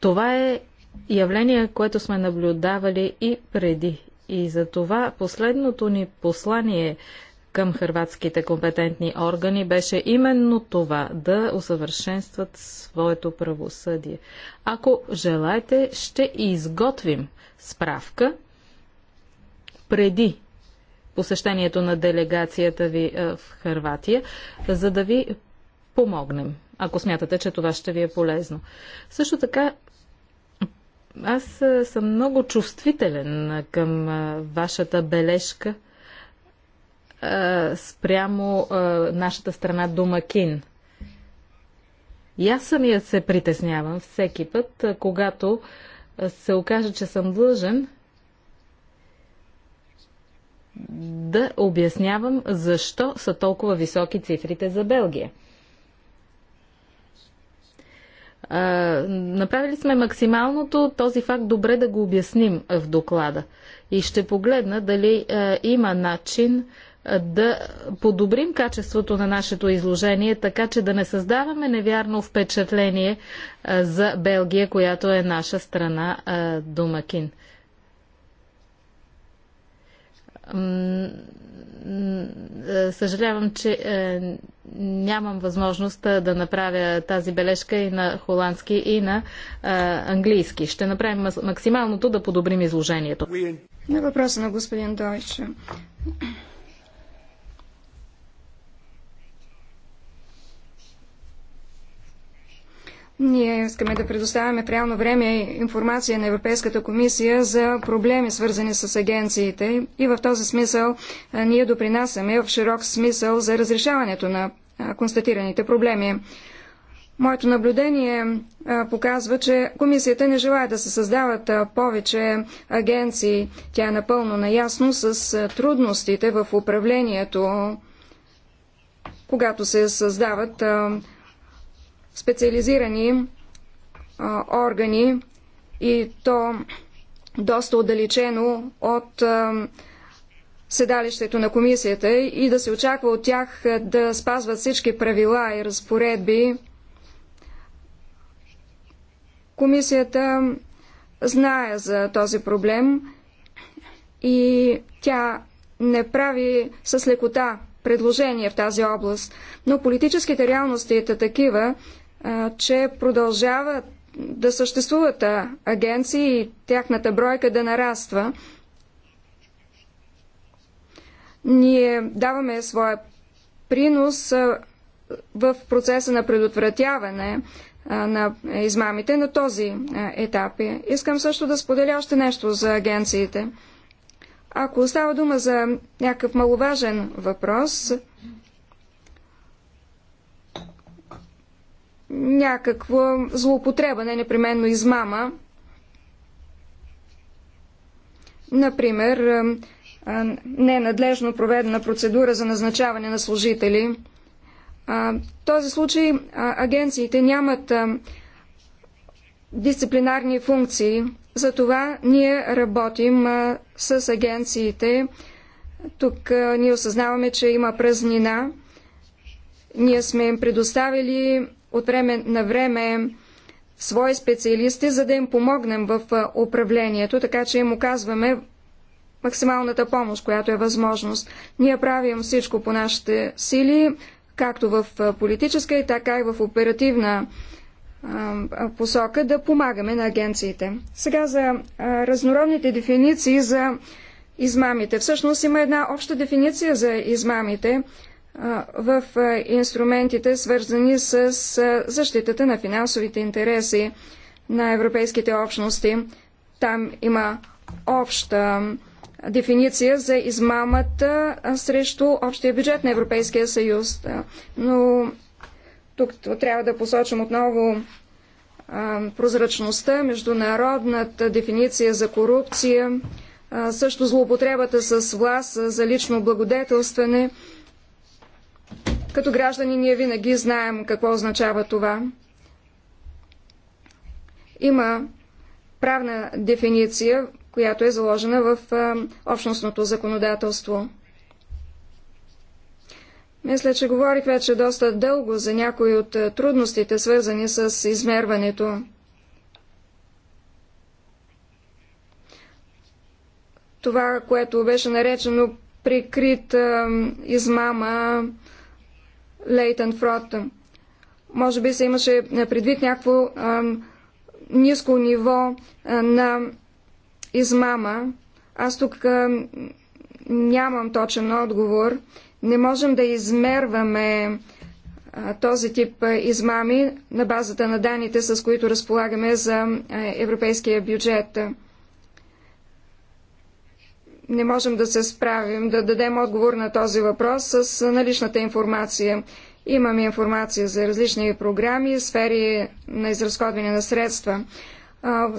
Това е явление, което сме наблюдавали и преди. И за това последното ни послание към хрватските компетентни органи беше именно това да усъвършенстват своето правосъдие. Ако желаете, ще изготвим справка преди посещението на делегацията ви е, в Харватия, за да ви помогнем, ако смятате, че това ще ви е полезно. Също така аз съм много чувствителен към вашата бележка спрямо нашата страна Домакин. И аз самият се притеснявам всеки път, когато се окаже, че съм длъжен да обяснявам защо са толкова високи цифрите за Белгия. направили сме максималното този факт добре да го обясним в доклада. И ще погледна дали има начин да подобрим качеството на нашето изложение, така че да не създаваме невярно впечатление за Белгия, която е наша страна домакин. Съжалявам, че е, нямам възможност да направя тази бележка и на холандски, и на а, английски. Ще направим максималното да подобрим изложението. На въпроса на господин Дойче. Ние искаме да предоставяме в реално време информация на Европейската комисия за проблеми, свързани с агенциите и в този смисъл ние допринасяме в широк смисъл за разрешаването на констатираните проблеми. Моето наблюдение показва, че комисията не желая да се създават повече агенции. Тя е напълно наясно с трудностите в управлението, когато се създават специализирани а, органи и то доста отдалечено от а, седалището на комисията и да се очаква от тях да спазват всички правила и разпоредби. Комисията знае за този проблем и тя не прави с лекота предложения в тази област, но политическите реалности е такива, че продължават да съществуват агенции и тяхната бройка да нараства. Ние даваме своя принос в процеса на предотвратяване на измамите на този етап. Искам също да споделя още нещо за агенциите. Ако става дума за някакъв маловажен въпрос, някаква злоупотреба, не непременно измама. Например, ненадлежно проведена процедура за назначаване на служители. В този случай агенциите нямат дисциплинарни функции. Затова ние работим с агенциите. Тук ние осъзнаваме, че има празнина. Ние сме им предоставили от време на време свои специалисти, за да им помогнем в управлението, така че им оказваме максималната помощ, която е възможност. Ние правим всичко по нашите сили, както в политическа и така и в оперативна посока да помагаме на агенциите. Сега за разнородните дефиниции за измамите. Всъщност има една обща дефиниция за измамите, в инструментите, свързани с защитата на финансовите интереси на европейските общности. Там има обща дефиниция за измамата срещу общия бюджет на Европейския съюз. Но тук трябва да посочим отново прозрачността, международната дефиниция за корупция, също злоупотребата с власт за лично благодетелстване, като граждани ние винаги знаем какво означава това. Има правна дефиниция, която е заложена в общностното законодателство. Мисля, че говорих вече доста дълго за някои от трудностите, свързани с измерването. Това, което беше наречено прикрит измама, лейтен фрод. Може би се имаше е, предвид някакво а, ниско ниво а, е, на измама. Аз тук а, е, нямам точен отговор. Не можем да измерваме а, този тип а, измами на базата на данните, с които разполагаме за а, европейския бюджет не можем да се справим, да дадем отговор на този въпрос с наличната информация. Имаме информация за различни програми, сфери на изразходване на средства.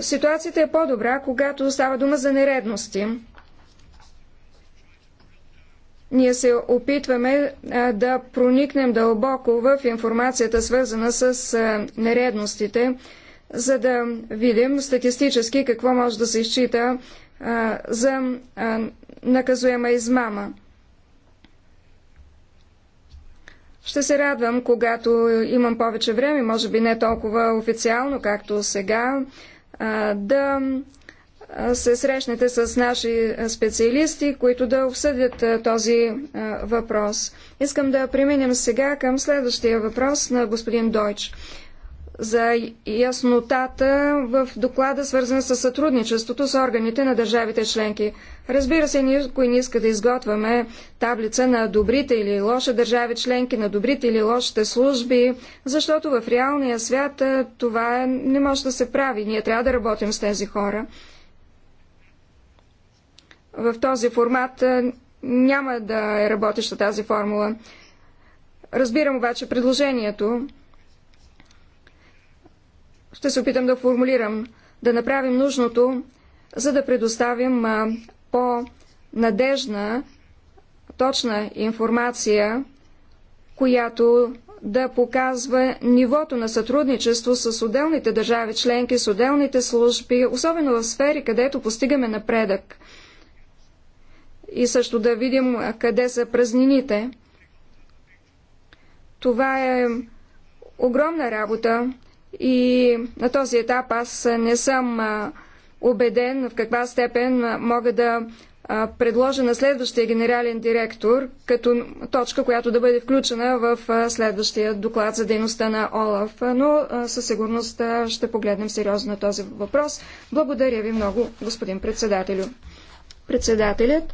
Ситуацията е по-добра, когато става дума за нередности. Ние се опитваме да проникнем дълбоко в информацията, свързана с нередностите, за да видим статистически какво може да се изчита а, за а, наказуема измама. Ще се радвам, когато имам повече време, може би не толкова официално, както сега, а, да се срещнете с наши специалисти, които да обсъдят този въпрос. Искам да преминем сега към следващия въпрос на господин Дойч за яснотата в доклада, свързан с сътрудничеството с органите на държавите членки. Разбира се, никой не иска да изготвяме таблица на добрите или лоши държави членки, на добрите или лошите служби, защото в реалния свят това не може да се прави. Ние трябва да работим с тези хора. В този формат няма да е работеща тази формула. Разбирам обаче предложението ще се опитам да формулирам, да направим нужното, за да предоставим по-надежна, точна информация, която да показва нивото на сътрудничество с отделните държави членки, с отделните служби, особено в сфери, където постигаме напредък. И също да видим къде са празнините. Това е огромна работа, и на този етап аз не съм убеден в каква степен мога да предложа на следващия генерален директор като точка, която да бъде включена в следващия доклад за дейността на ОЛАФ. Но със сигурност ще погледнем сериозно на този въпрос. Благодаря ви много, господин председателю. Председателят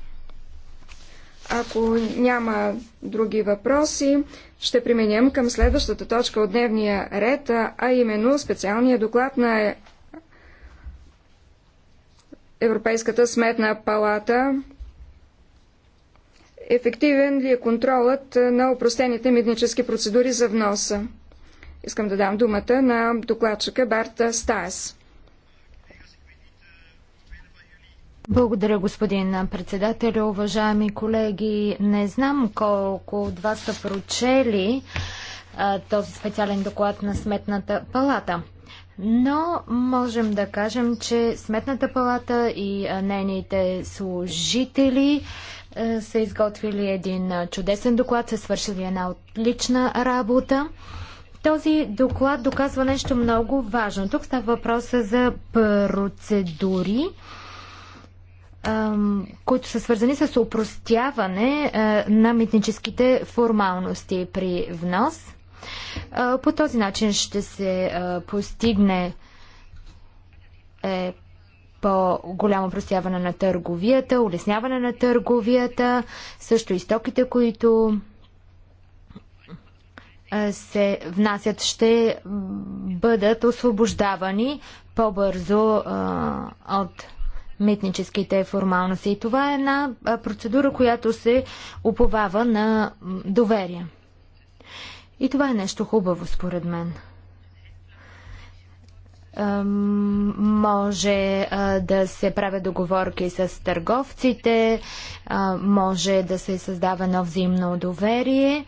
ако няма други въпроси, ще преминем към следващата точка от дневния ред, а именно специалния доклад на е- Европейската сметна палата. Ефективен ли е контролът на упростените митнически процедури за вноса? Искам да дам думата на докладчика Барта Стаес. Благодаря, господин председател. Уважаеми колеги, не знам колко от вас са прочели а, този специален доклад на Сметната палата. Но можем да кажем, че Сметната палата и нейните служители а, са изготвили един чудесен доклад, са свършили една отлична работа. Този доклад доказва нещо много важно. Тук става въпроса за процедури, които са свързани с упростяване е, на митническите формалности при внос. Е, по този начин ще се е, постигне по-голямо простяване на търговията, улесняване на търговията, също и стоките, които се внасят, ще бъдат освобождавани по-бързо от митническите формалности. И това е една процедура, която се уповава на доверие. И това е нещо хубаво, според мен. Може да се правят договорки с търговците, може да се създава едно взаимно доверие,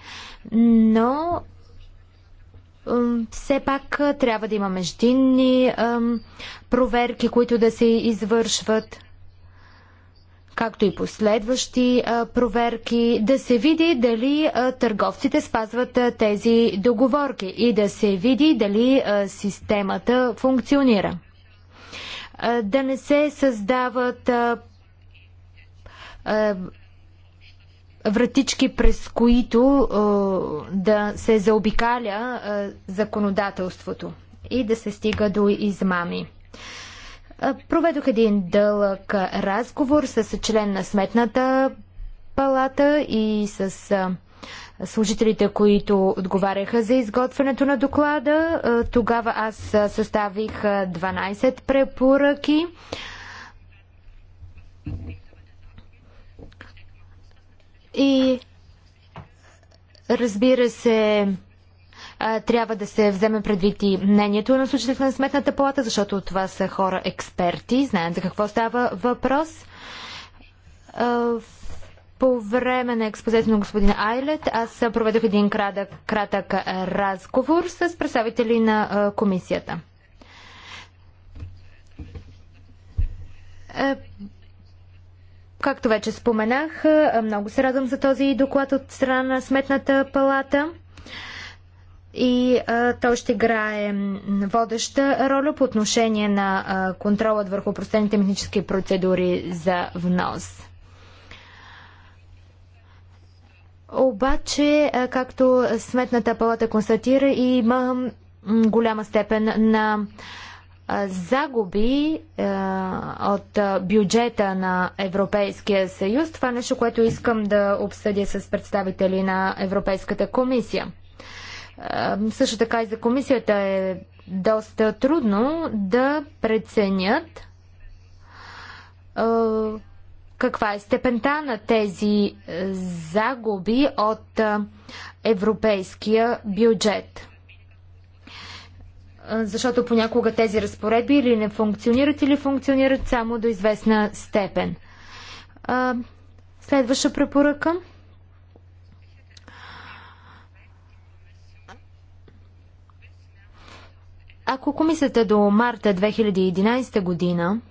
но все пак трябва да има междинни проверки, които да се извършват, както и последващи проверки, да се види дали търговците спазват тези договорки и да се види дали системата функционира. Да не се създават вратички, през които е, да се заобикаля е, законодателството и да се стига до измами. Проведох един дълъг разговор с член на сметната палата и с служителите, които отговаряха за изготвянето на доклада. Тогава аз съставих 12 препоръки. И разбира се, трябва да се вземе предвид и мнението на служителите на Сметната палата, защото това са хора експерти, знаят за какво става въпрос. По време на експозицията на господин Айлет аз проведох един кратък, кратък разговор с представители на комисията. Както вече споменах, много се радвам за този доклад от страна на Сметната палата и а, той ще играе водеща роля по отношение на а, контролът върху простените технически процедури за внос. Обаче, а, както Сметната палата констатира, има голяма степен на а, загуби от бюджета на Европейския съюз. Това е нещо, което искам да обсъдя с представители на Европейската комисия. също така и за комисията е доста трудно да преценят каква е степента на тези загуби от европейския бюджет защото понякога тези разпоредби или не функционират, или функционират само до известна степен. Следваща препоръка. Ако комисията до марта 2011 година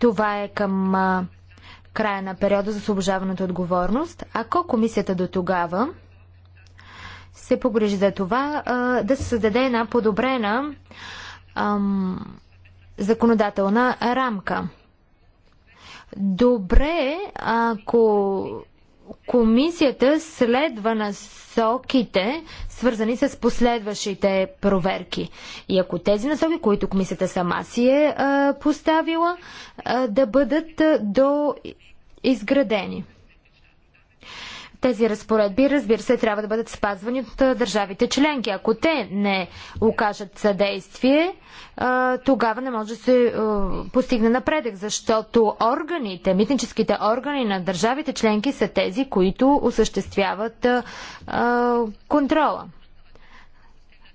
това е към края на периода за освобождаването отговорност, ако комисията до тогава се погрежи за това да се създаде една подобрена ам, законодателна рамка. Добре ако комисията следва насоките, свързани с последващите проверки. И ако тези насоки, които комисията сама си е а, поставила, а, да бъдат а, до изградени. Тези разпоредби, разбира се, трябва да бъдат спазвани от държавите членки. Ако те не окажат съдействие, тогава не може да се постигне напредък, защото органите, митническите органи на държавите членки са тези, които осъществяват контрола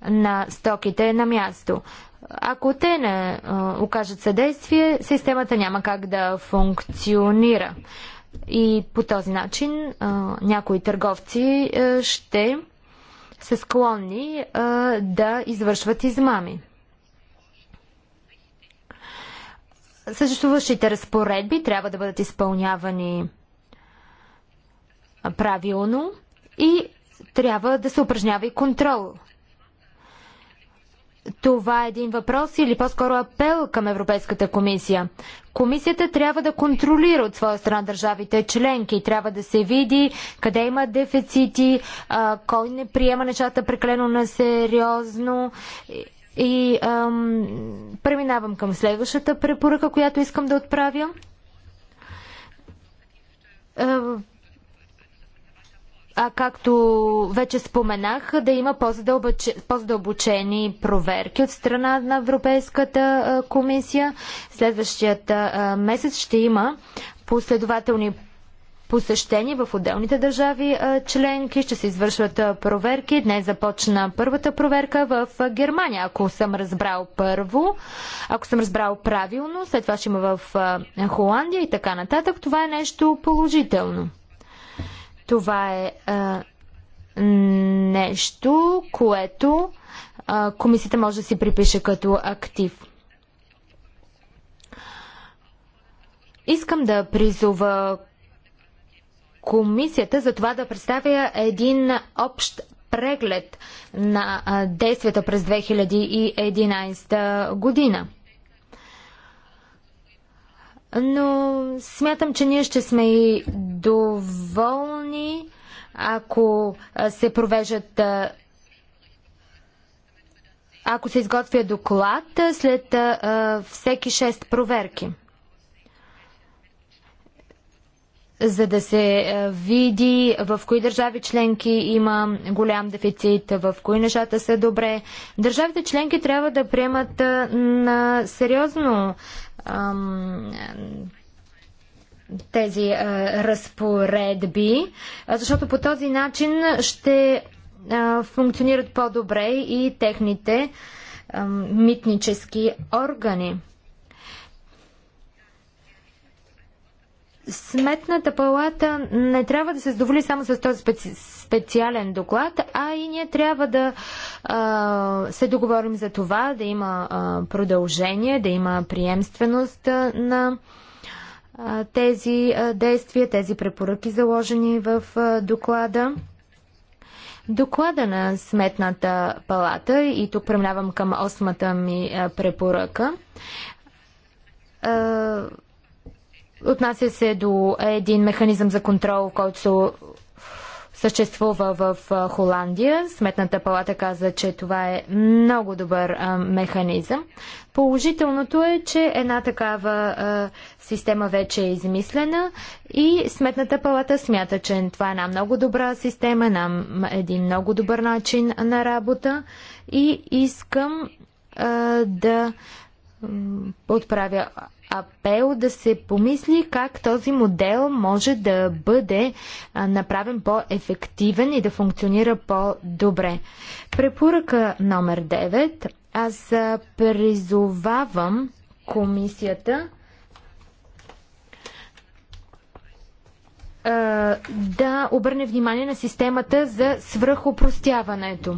на стоките на място. Ако те не окажат съдействие, системата няма как да функционира. И по този начин някои търговци ще са склонни да извършват измами. Съществуващите разпоредби трябва да бъдат изпълнявани правилно и трябва да се упражнява и контрол това е един въпрос или по-скоро апел към Европейската комисия. Комисията трябва да контролира от своя страна държавите членки. Трябва да се види къде има дефицити, а, кой не приема нещата прекалено насериозно. И, и ам, преминавам към следващата препоръка, която искам да отправя а както вече споменах, да има по-задълбочени проверки от страна на Европейската комисия. Следващият месец ще има последователни посещения в отделните държави членки. Ще се извършват проверки. Днес започна първата проверка в Германия, ако съм разбрал първо, ако съм разбрал правилно. След това ще има в Холандия и така нататък. Това е нещо положително. Това е а, нещо, което а, комисията може да си припише като актив. Искам да призова комисията за това да представя един общ преглед на действията през 2011 година. Но смятам, че ние ще сме и доволни, ако се провеждат ако се изготвя доклад след а, всеки 6 проверки. За да се види в кои държави членки има голям дефицит, в кои нещата са добре. Държавите членки трябва да приемат на сериозно тези а, разпоредби, защото по този начин ще а, функционират по-добре и техните а, митнически органи. Сметната палата не трябва да се задоволи само с този специ... специален доклад, а и ние трябва да а, се договорим за това, да има а, продължение, да има приемственост а, на а, тези а, действия, тези препоръки, заложени в а, доклада. Доклада на Сметната палата, и тук премлявам към осмата ми а, препоръка. А, Отнася се до един механизъм за контрол, който съществува в Холандия. Сметната палата каза, че това е много добър механизъм. Положителното е, че една такава система вече е измислена и Сметната палата смята, че това е една много добра система, една, един много добър начин на работа и искам да отправя апел да се помисли как този модел може да бъде направен по-ефективен и да функционира по-добре. Препоръка номер 9. Аз призовавам комисията да обърне внимание на системата за свръхопростяването.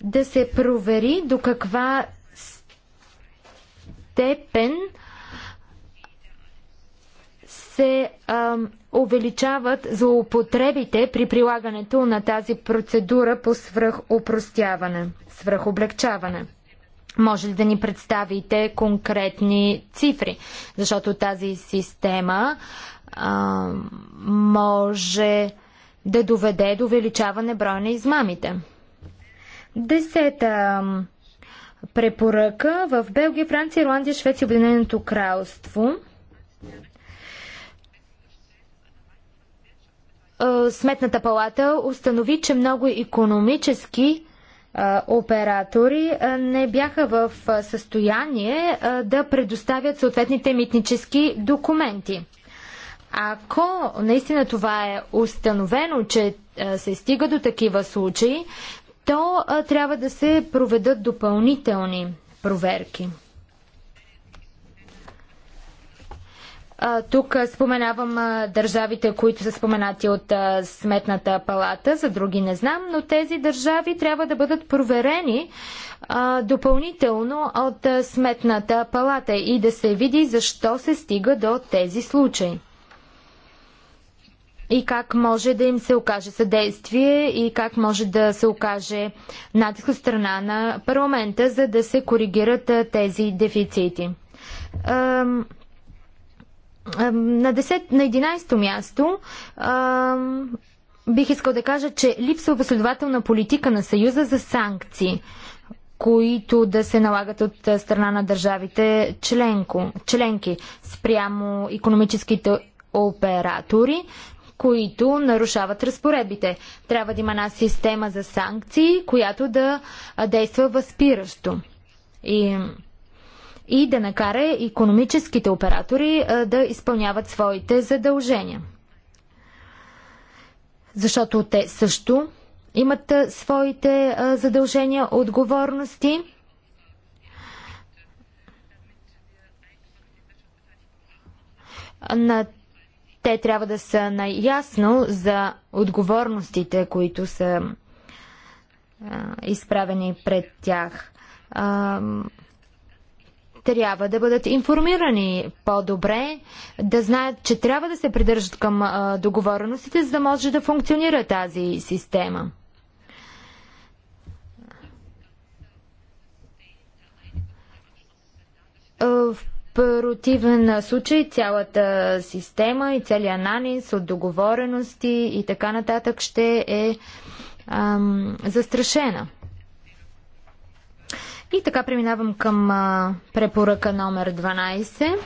Да се провери до каква степен се а, увеличават злоупотребите при прилагането на тази процедура по свръхопростяване, свръхоблегчаване. Може ли да ни представите конкретни цифри? Защото тази система а, може да доведе до увеличаване броя на измамите. Десета препоръка в Белгия, Франция, Ирландия, Швеция, Обединеното кралство. Е, Сметната палата установи, че много економически е, оператори е, не бяха в състояние да предоставят съответните митнически документи. Ако наистина това е установено, че се стига до такива случаи, то а, трябва да се проведат допълнителни проверки. А, тук споменавам а, държавите, които са споменати от а, Сметната палата, за други не знам, но тези държави трябва да бъдат проверени допълнително от Сметната палата и да се види защо се стига до тези случаи и как може да им се окаже съдействие и как може да се окаже натиск от страна на парламента, за да се коригират тези дефицити. На, 10, на 11-то място бих искал да кажа, че липсва последователна политика на Съюза за санкции които да се налагат от страна на държавите членко, членки спрямо економическите оператори, които нарушават разпоредбите. Трябва да има една система за санкции, която да действа възпиращо. И и да накара економическите оператори а, да изпълняват своите задължения. Защото те също имат а, своите а, задължения, отговорности. На те трябва да са наясно за отговорностите, които са а, изправени пред тях. А, трябва да бъдат информирани по-добре, да знаят, че трябва да се придържат към а, договореностите, за да може да функционира тази система. в противен случай цялата система и целият анализ от договорености и така нататък ще е ам, застрашена. И така преминавам към а, препоръка номер 12.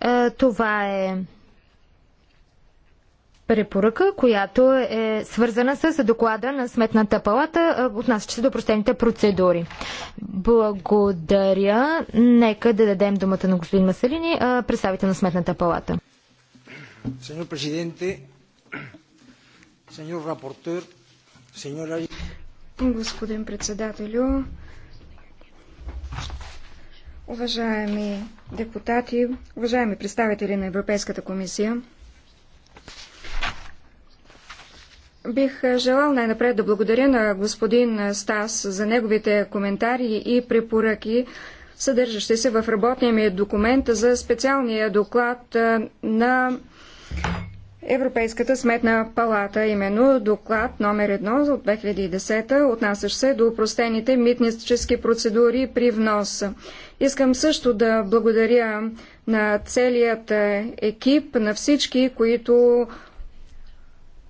А, това е препоръка, която е свързана с доклада на Сметната палата, отнасяща се до простените процедури. Благодаря. Нека да дадем думата на господин Маселини, представител на Сметната палата. Сеньор президенте, сеньор рапортер, сеньор... Господин председателю, уважаеми депутати, уважаеми представители на Европейската комисия, Бих желал най-напред да благодаря на господин Стас за неговите коментари и препоръки, съдържащи се в работния ми документ за специалния доклад на Европейската сметна палата, именно доклад номер 1 от 2010, отнасящ се до упростените митнически процедури при внос. Искам също да благодаря на целият екип, на всички, които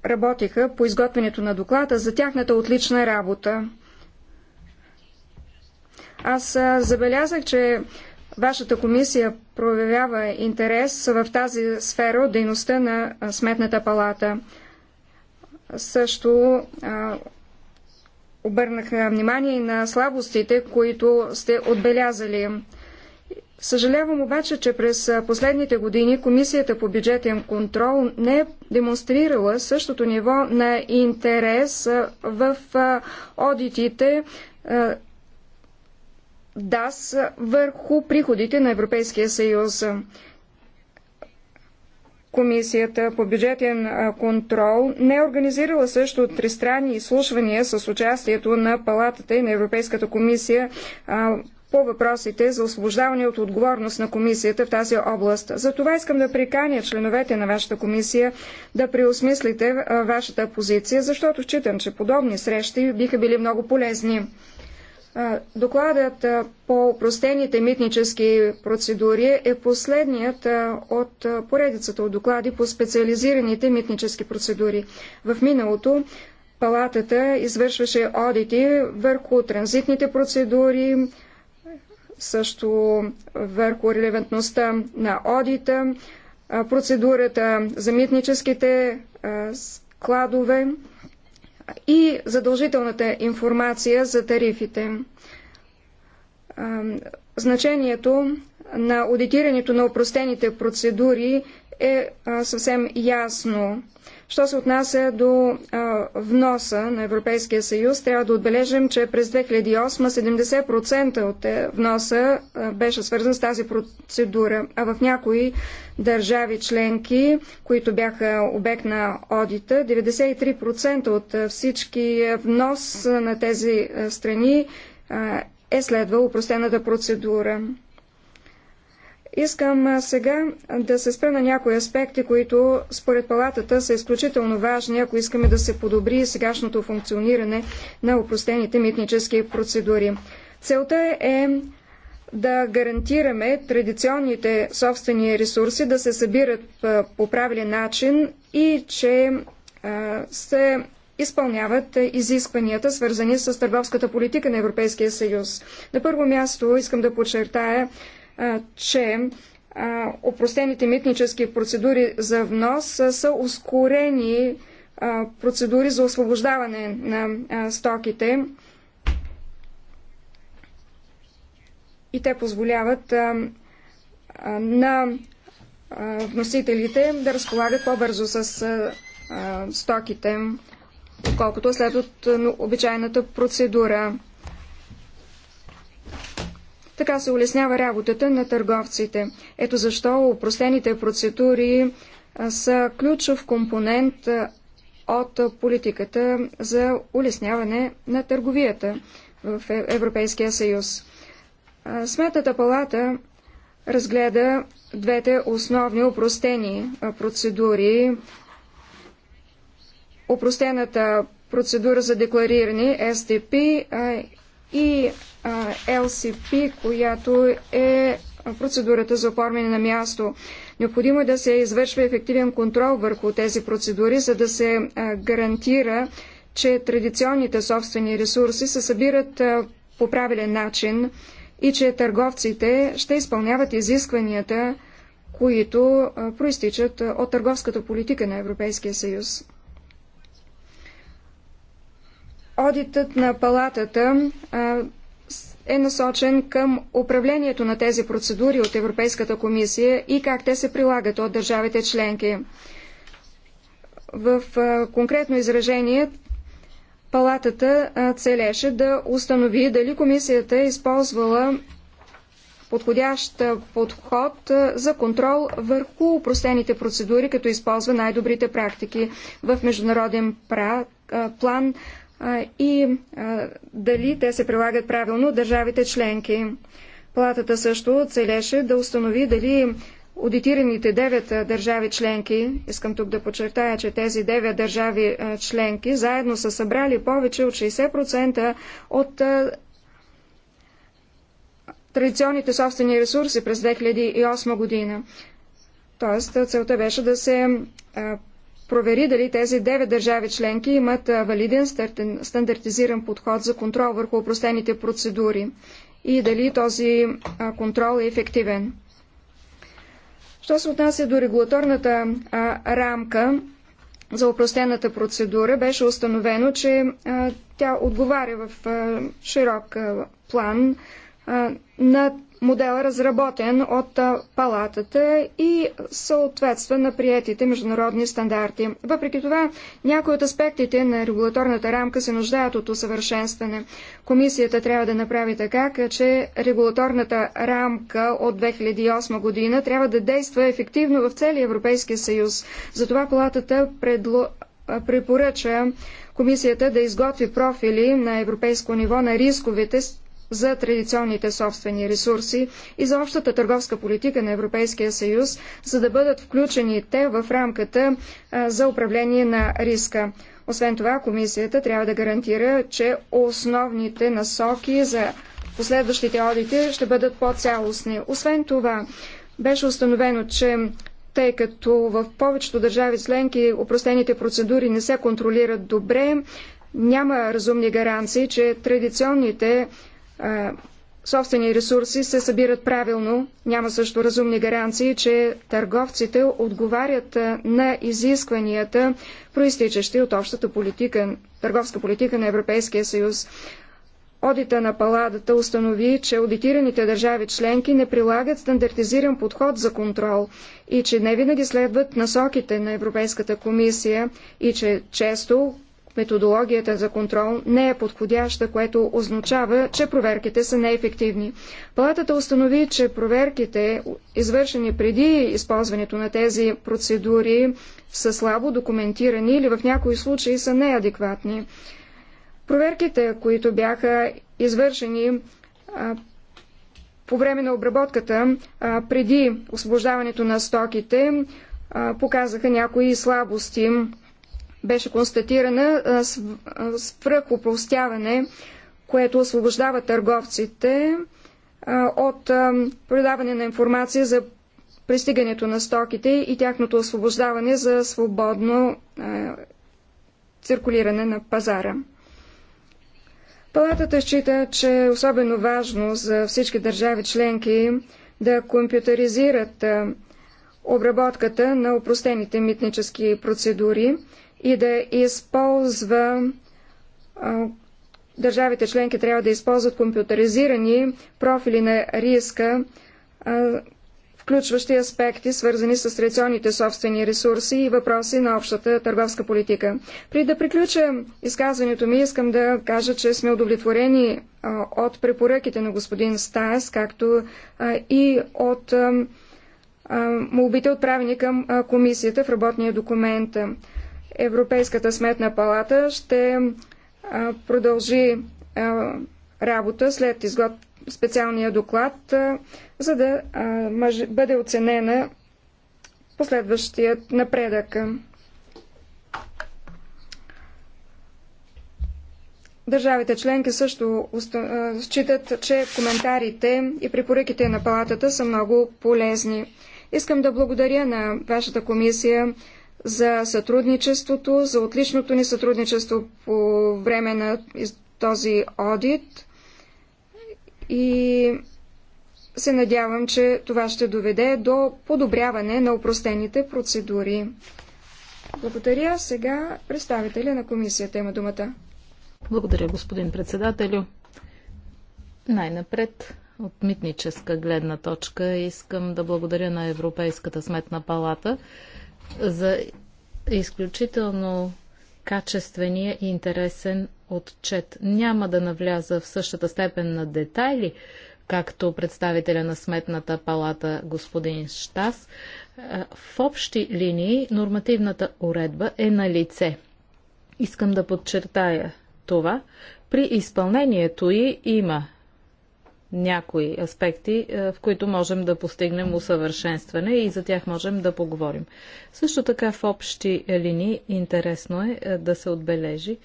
Работеха по изготвянето на доклада, за тяхната отлична работа. Аз забелязах, че вашата комисия проявява интерес в тази сфера от дейността на Сметната палата. Също обърнах внимание и на слабостите, които сте отбелязали. Съжалявам обаче, че през последните години Комисията по бюджетен контрол не е демонстрирала същото ниво на интерес в одитите ДАС върху приходите на Европейския съюз. Комисията по бюджетен контрол не е организирала също тристранни изслушвания с участието на Палатата и на Европейската комисия по въпросите за освобождаване от отговорност на комисията в тази област. За това искам да приканя членовете на вашата комисия да преосмислите вашата позиция, защото считам, че подобни срещи биха били много полезни. Докладът по простените митнически процедури е последният от поредицата от доклади по специализираните митнически процедури. В миналото Палатата извършваше одити върху транзитните процедури, също върху релевантността на одита, процедурата за митническите складове и задължителната информация за тарифите. Значението на аудитирането на упростените процедури е съвсем ясно. Що се отнася до а, вноса на Европейския съюз, трябва да отбележим, че през 2008 70% от е, вноса а, беше свързан с тази процедура, а в някои държави членки, които бяха обект на одита, 93% от всички внос на тези страни а, е следвал упростената процедура. Искам сега да се спра на някои аспекти, които според палатата са изключително важни, ако искаме да се подобри сегашното функциониране на упростените митнически процедури. Целта е да гарантираме традиционните собствени ресурси да се събират по правилен начин и че се изпълняват изискванията, свързани с търговската политика на Европейския съюз. На първо място искам да подчертая, че опростените митнически процедури за внос са ускорени процедури за освобождаване на стоките и те позволяват на вносителите да разполагат по-бързо с стоките, отколкото след от обичайната процедура. Така се улеснява работата на търговците. Ето защо упростените процедури са ключов компонент от политиката за улесняване на търговията в е, Европейския съюз. Сметната палата разгледа двете основни упростени процедури. Упростената процедура за деклариране СТП и LCP, която е процедурата за оформяне на място. Необходимо е да се извършва ефективен контрол върху тези процедури, за да се гарантира, че традиционните собствени ресурси се събират по правилен начин и че търговците ще изпълняват изискванията, които проистичат от търговската политика на Европейския съюз. Одитът на палатата е насочен към управлението на тези процедури от Европейската комисия и как те се прилагат от държавите членки. В конкретно изражение палатата целеше да установи дали комисията е използвала подходящ подход за контрол върху упростените процедури, като използва най-добрите практики в международен план, и дали те се прилагат правилно от държавите членки. Платата също целеше да установи дали аудитираните девет държави членки, искам тук да подчертая, че тези девет държави членки заедно са събрали повече от 60% от традиционните собствени ресурси през 2008 година. Тоест, целта беше да се провери дали тези девет държави членки имат валиден стандартизиран подход за контрол върху опростените процедури и дали този контрол е ефективен. Що се отнася до регулаторната рамка за упростената процедура, беше установено, че тя отговаря в широк план на модел е разработен от палатата и съответства на приетите международни стандарти. Въпреки това, някои от аспектите на регулаторната рамка се нуждаят от усъвършенстване. Комисията трябва да направи така, че регулаторната рамка от 2008 година трябва да действа ефективно в целия Европейския съюз. Затова палатата предло... препоръча Комисията да изготви профили на европейско ниво на рисковете, за традиционните собствени ресурси и за общата търговска политика на Европейския съюз, за да бъдат включени те в рамката за управление на риска. Освен това, комисията трябва да гарантира, че основните насоки за последващите одити ще бъдат по-цялостни. Освен това, беше установено, че тъй като в повечето държави членки упростените процедури не се контролират добре, няма разумни гаранции, че традиционните собствени ресурси се събират правилно. Няма също разумни гаранции, че търговците отговарят на изискванията, проистичащи от общата политика, търговска политика на Европейския съюз. Одита на паладата установи, че аудитираните държави членки не прилагат стандартизиран подход за контрол и че не винаги следват насоките на Европейската комисия и че често методологията за контрол не е подходяща, което означава, че проверките са неефективни. Палатата установи, че проверките, извършени преди използването на тези процедури, са слабо документирани или в някои случаи са неадекватни. Проверките, които бяха извършени по време на обработката преди освобождаването на стоките, показаха някои слабости беше констатирана свръхопростяване, което освобождава търговците от продаване на информация за пристигането на стоките и тяхното освобождаване за свободно циркулиране на пазара. Палатата счита, че е особено важно за всички държави членки да компютъризират обработката на упростените митнически процедури, и да използва държавите членки трябва да използват компютъризирани профили на риска, включващи аспекти, свързани с традиционните собствени ресурси и въпроси на общата търговска политика. При да приключа изказването ми, искам да кажа, че сме удовлетворени от препоръките на господин Стас, както и от молбите отправени към комисията в работния документ. Европейската сметна палата ще продължи работа след изгод... специалния доклад, за да бъде оценена последващият напредък. Държавите членки също считат, че коментарите и препоръките на палатата са много полезни. Искам да благодаря на вашата комисия за сътрудничеството, за отличното ни сътрудничество по време на този одит и се надявам, че това ще доведе до подобряване на упростените процедури. Благодаря. Сега представителя на комисията има думата. Благодаря, господин председателю. Най-напред от митническа гледна точка искам да благодаря на Европейската сметна палата за изключително качествения и интересен отчет. Няма да навляза в същата степен на детайли, както представителя на Сметната палата господин Штас. Е, в общи линии нормативната уредба е на лице. Искам да подчертая това. При изпълнението й има някои аспекти, е, в които можем да постигнем усъвършенстване и за тях можем да поговорим. Също така в общи линии интересно е, е да се отбележи,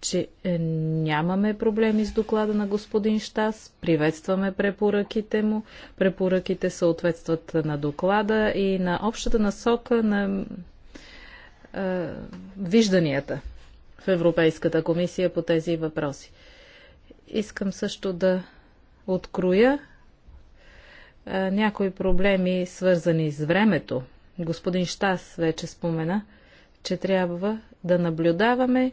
че е, нямаме проблеми с доклада на господин Штас, приветстваме препоръките му, препоръките съответстват на доклада и на общата насока на е, вижданията в Европейската комисия по тези въпроси. Искам също да откроя някои проблеми, свързани с времето. Господин Штас вече спомена, че трябва да наблюдаваме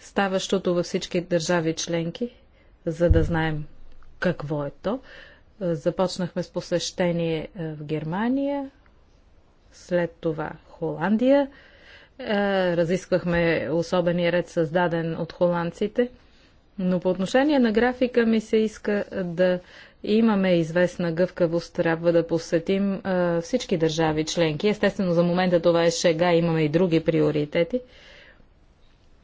ставащото във всички държави членки, за да знаем какво е то. Започнахме с посещение е, в Германия, след това Холандия. Е, разисквахме особения ред, създаден от холандците – но по отношение на графика ми се иска да имаме известна гъвкавост. Трябва да посетим а, всички държави членки. Естествено, за момента това е шега. Имаме и други приоритети.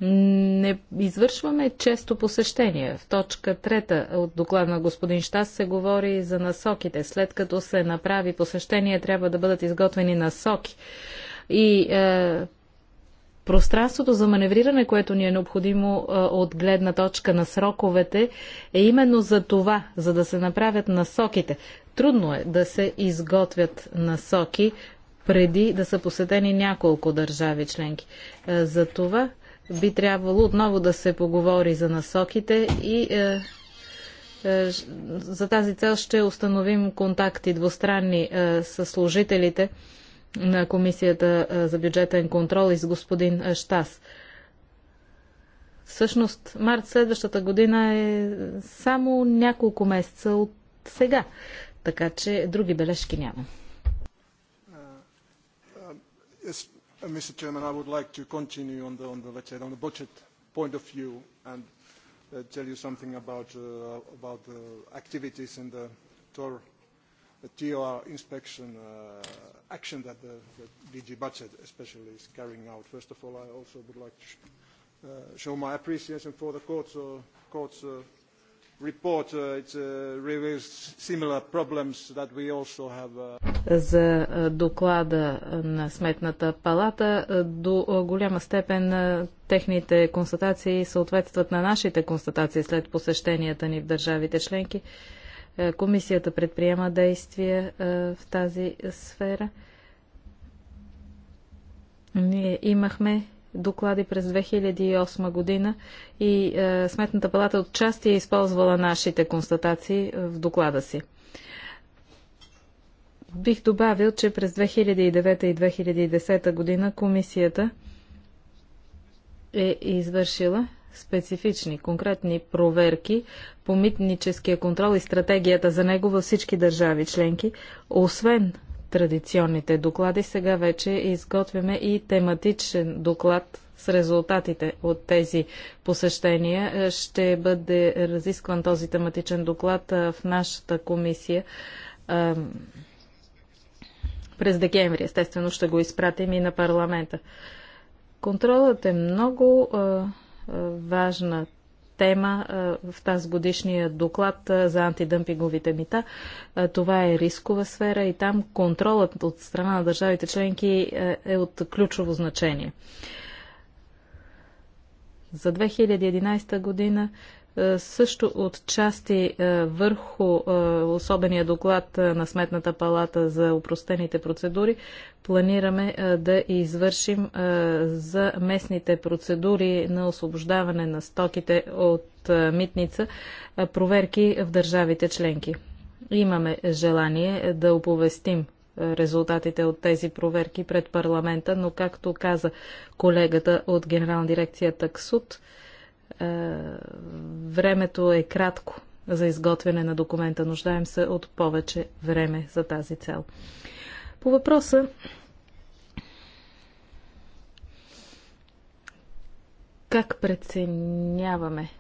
Не извършваме често посещения. В точка трета от доклада на господин Штас се говори за насоките. След като се направи посещение, трябва да бъдат изготвени насоки. И е, пространството за маневриране, което ни е необходимо от гледна точка на сроковете, е именно за това, за да се направят насоките. Трудно е да се изготвят насоки преди да са посетени няколко държави членки. За това би трябвало отново да се поговори за насоките и е, е, за тази цел ще установим контакти двустранни е, с служителите на Комисията за бюджетен контрол и с господин Штас. Всъщност, март следващата година е само няколко месеца от сега, така че други бележки няма. TOR inspection action that the DG Budget especially is carrying out. First of all, I also would like to show my appreciation for the court's report. It reveals similar problems that we also have. За доклада на Сметната палата до голяма степен техните констатации съответстват на нашите констатации след посещенията ни в държавите членки. Е, комисията предприема действия е, в тази сфера. Ние имахме доклади през 2008 година и е, Сметната палата отчасти е използвала нашите констатации в доклада си. Бих добавил, че през 2009 и 2010 година комисията е извършила специфични, конкретни проверки по митническия контрол и стратегията за него във всички държави членки, освен традиционните доклади. Сега вече изготвяме и тематичен доклад с резултатите от тези посещения. Е, ще бъде разискван този тематичен доклад е, в нашата комисия е, през декември. Естествено ще го изпратим и на парламента. Контролът е много важна тема в тази годишния доклад за антидъмпинговите мита. Това е рискова сфера и там контролът от страна на държавите членки е от ключово значение. За 2011 година е, също отчасти е, върху е, особения доклад на Сметната палата за упростените процедури планираме да извършим за местните процедури на освобождаване на стоките от митница проверки в държавите членки. Имаме желание да оповестим резултатите от тези проверки пред парламента, но както каза колегата от Генерална дирекция Таксуд, е, времето е кратко за изготвяне на документа. Нуждаем се от повече време за тази цел. По въпроса как преценяваме е,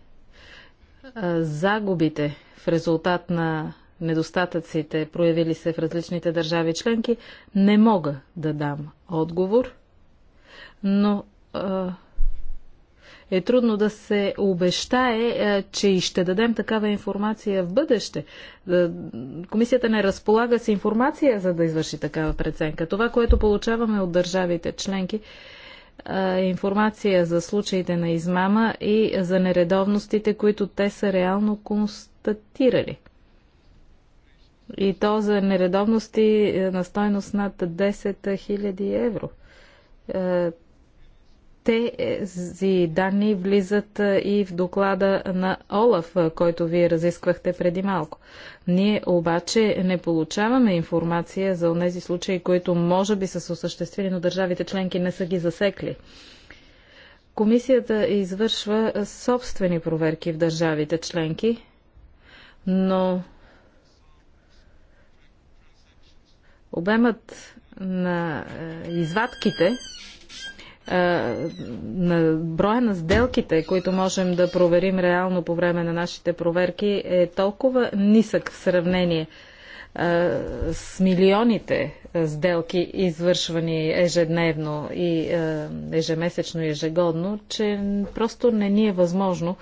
загубите в резултат на недостатъците, проявили се в различните държави членки, не мога да дам отговор, но а, е, е трудно да се обещае, е, че и ще дадем такава информация в бъдеще. Е, комисията не разполага с информация, за да извърши такава преценка. Това, което получаваме от държавите членки, е, информация за случаите на измама и за нередовностите, които те са реално констатирали. И то за нередовности на стойност над 10 000 евро. Тези данни влизат и в доклада на Олаф, който вие разисквахте преди малко. Ние обаче не получаваме информация за тези случаи, които може би са се осъществили, но държавите членки не са ги засекли. Комисията извършва собствени проверки в държавите членки, но обемът на е, извадките е, на броя на сделките, които можем да проверим реално по време на нашите проверки, е толкова нисък в сравнение е, с милионите е, сделки, извършвани ежедневно и ежемесечно и ежегодно, че просто не ни е възможно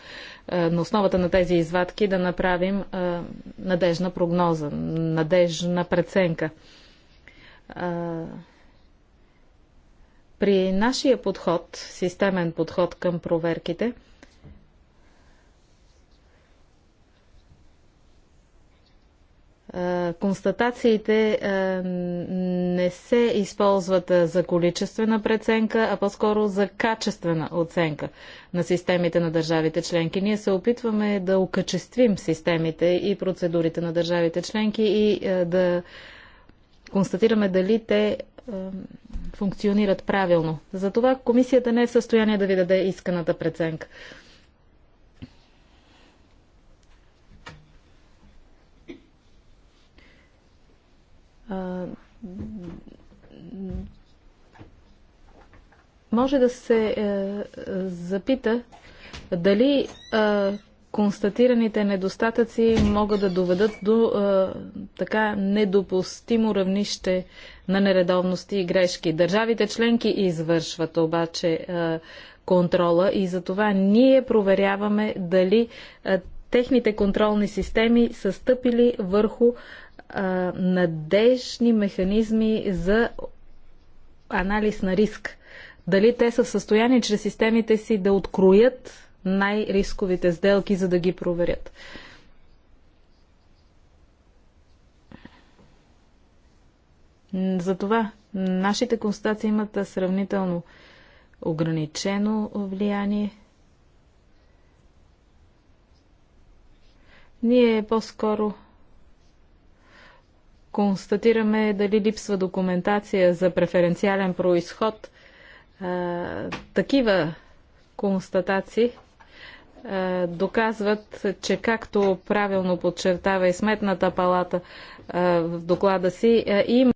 на основата на тези извадки да направим надежна прогноза, надежна преценка. При нашия подход, системен подход към проверките, констатациите не се използват за количествена преценка, а по-скоро за качествена оценка на системите на държавите членки. Ние се опитваме да окачествим системите и процедурите на държавите членки и да констатираме дали те функционират правилно. Затова комисията не е в състояние да ви даде исканата преценка. А, може да се е, запита дали е, констатираните недостатъци могат да доведат до е, така недопустимо равнище на нередовности и грешки. Държавите членки извършват обаче е, контрола и затова ние проверяваме дали е, техните контролни системи са стъпили върху е, надежни механизми за анализ на риск. Дали те са в състояние чрез системите си да откроят най-рисковите сделки, за да ги проверят. Затова нашите констатации имат сравнително ограничено влияние. Ние по-скоро констатираме дали липсва документация за преференциален происход. А, такива констатации а, доказват, че както правилно подчертава и Сметната палата а, в доклада си, има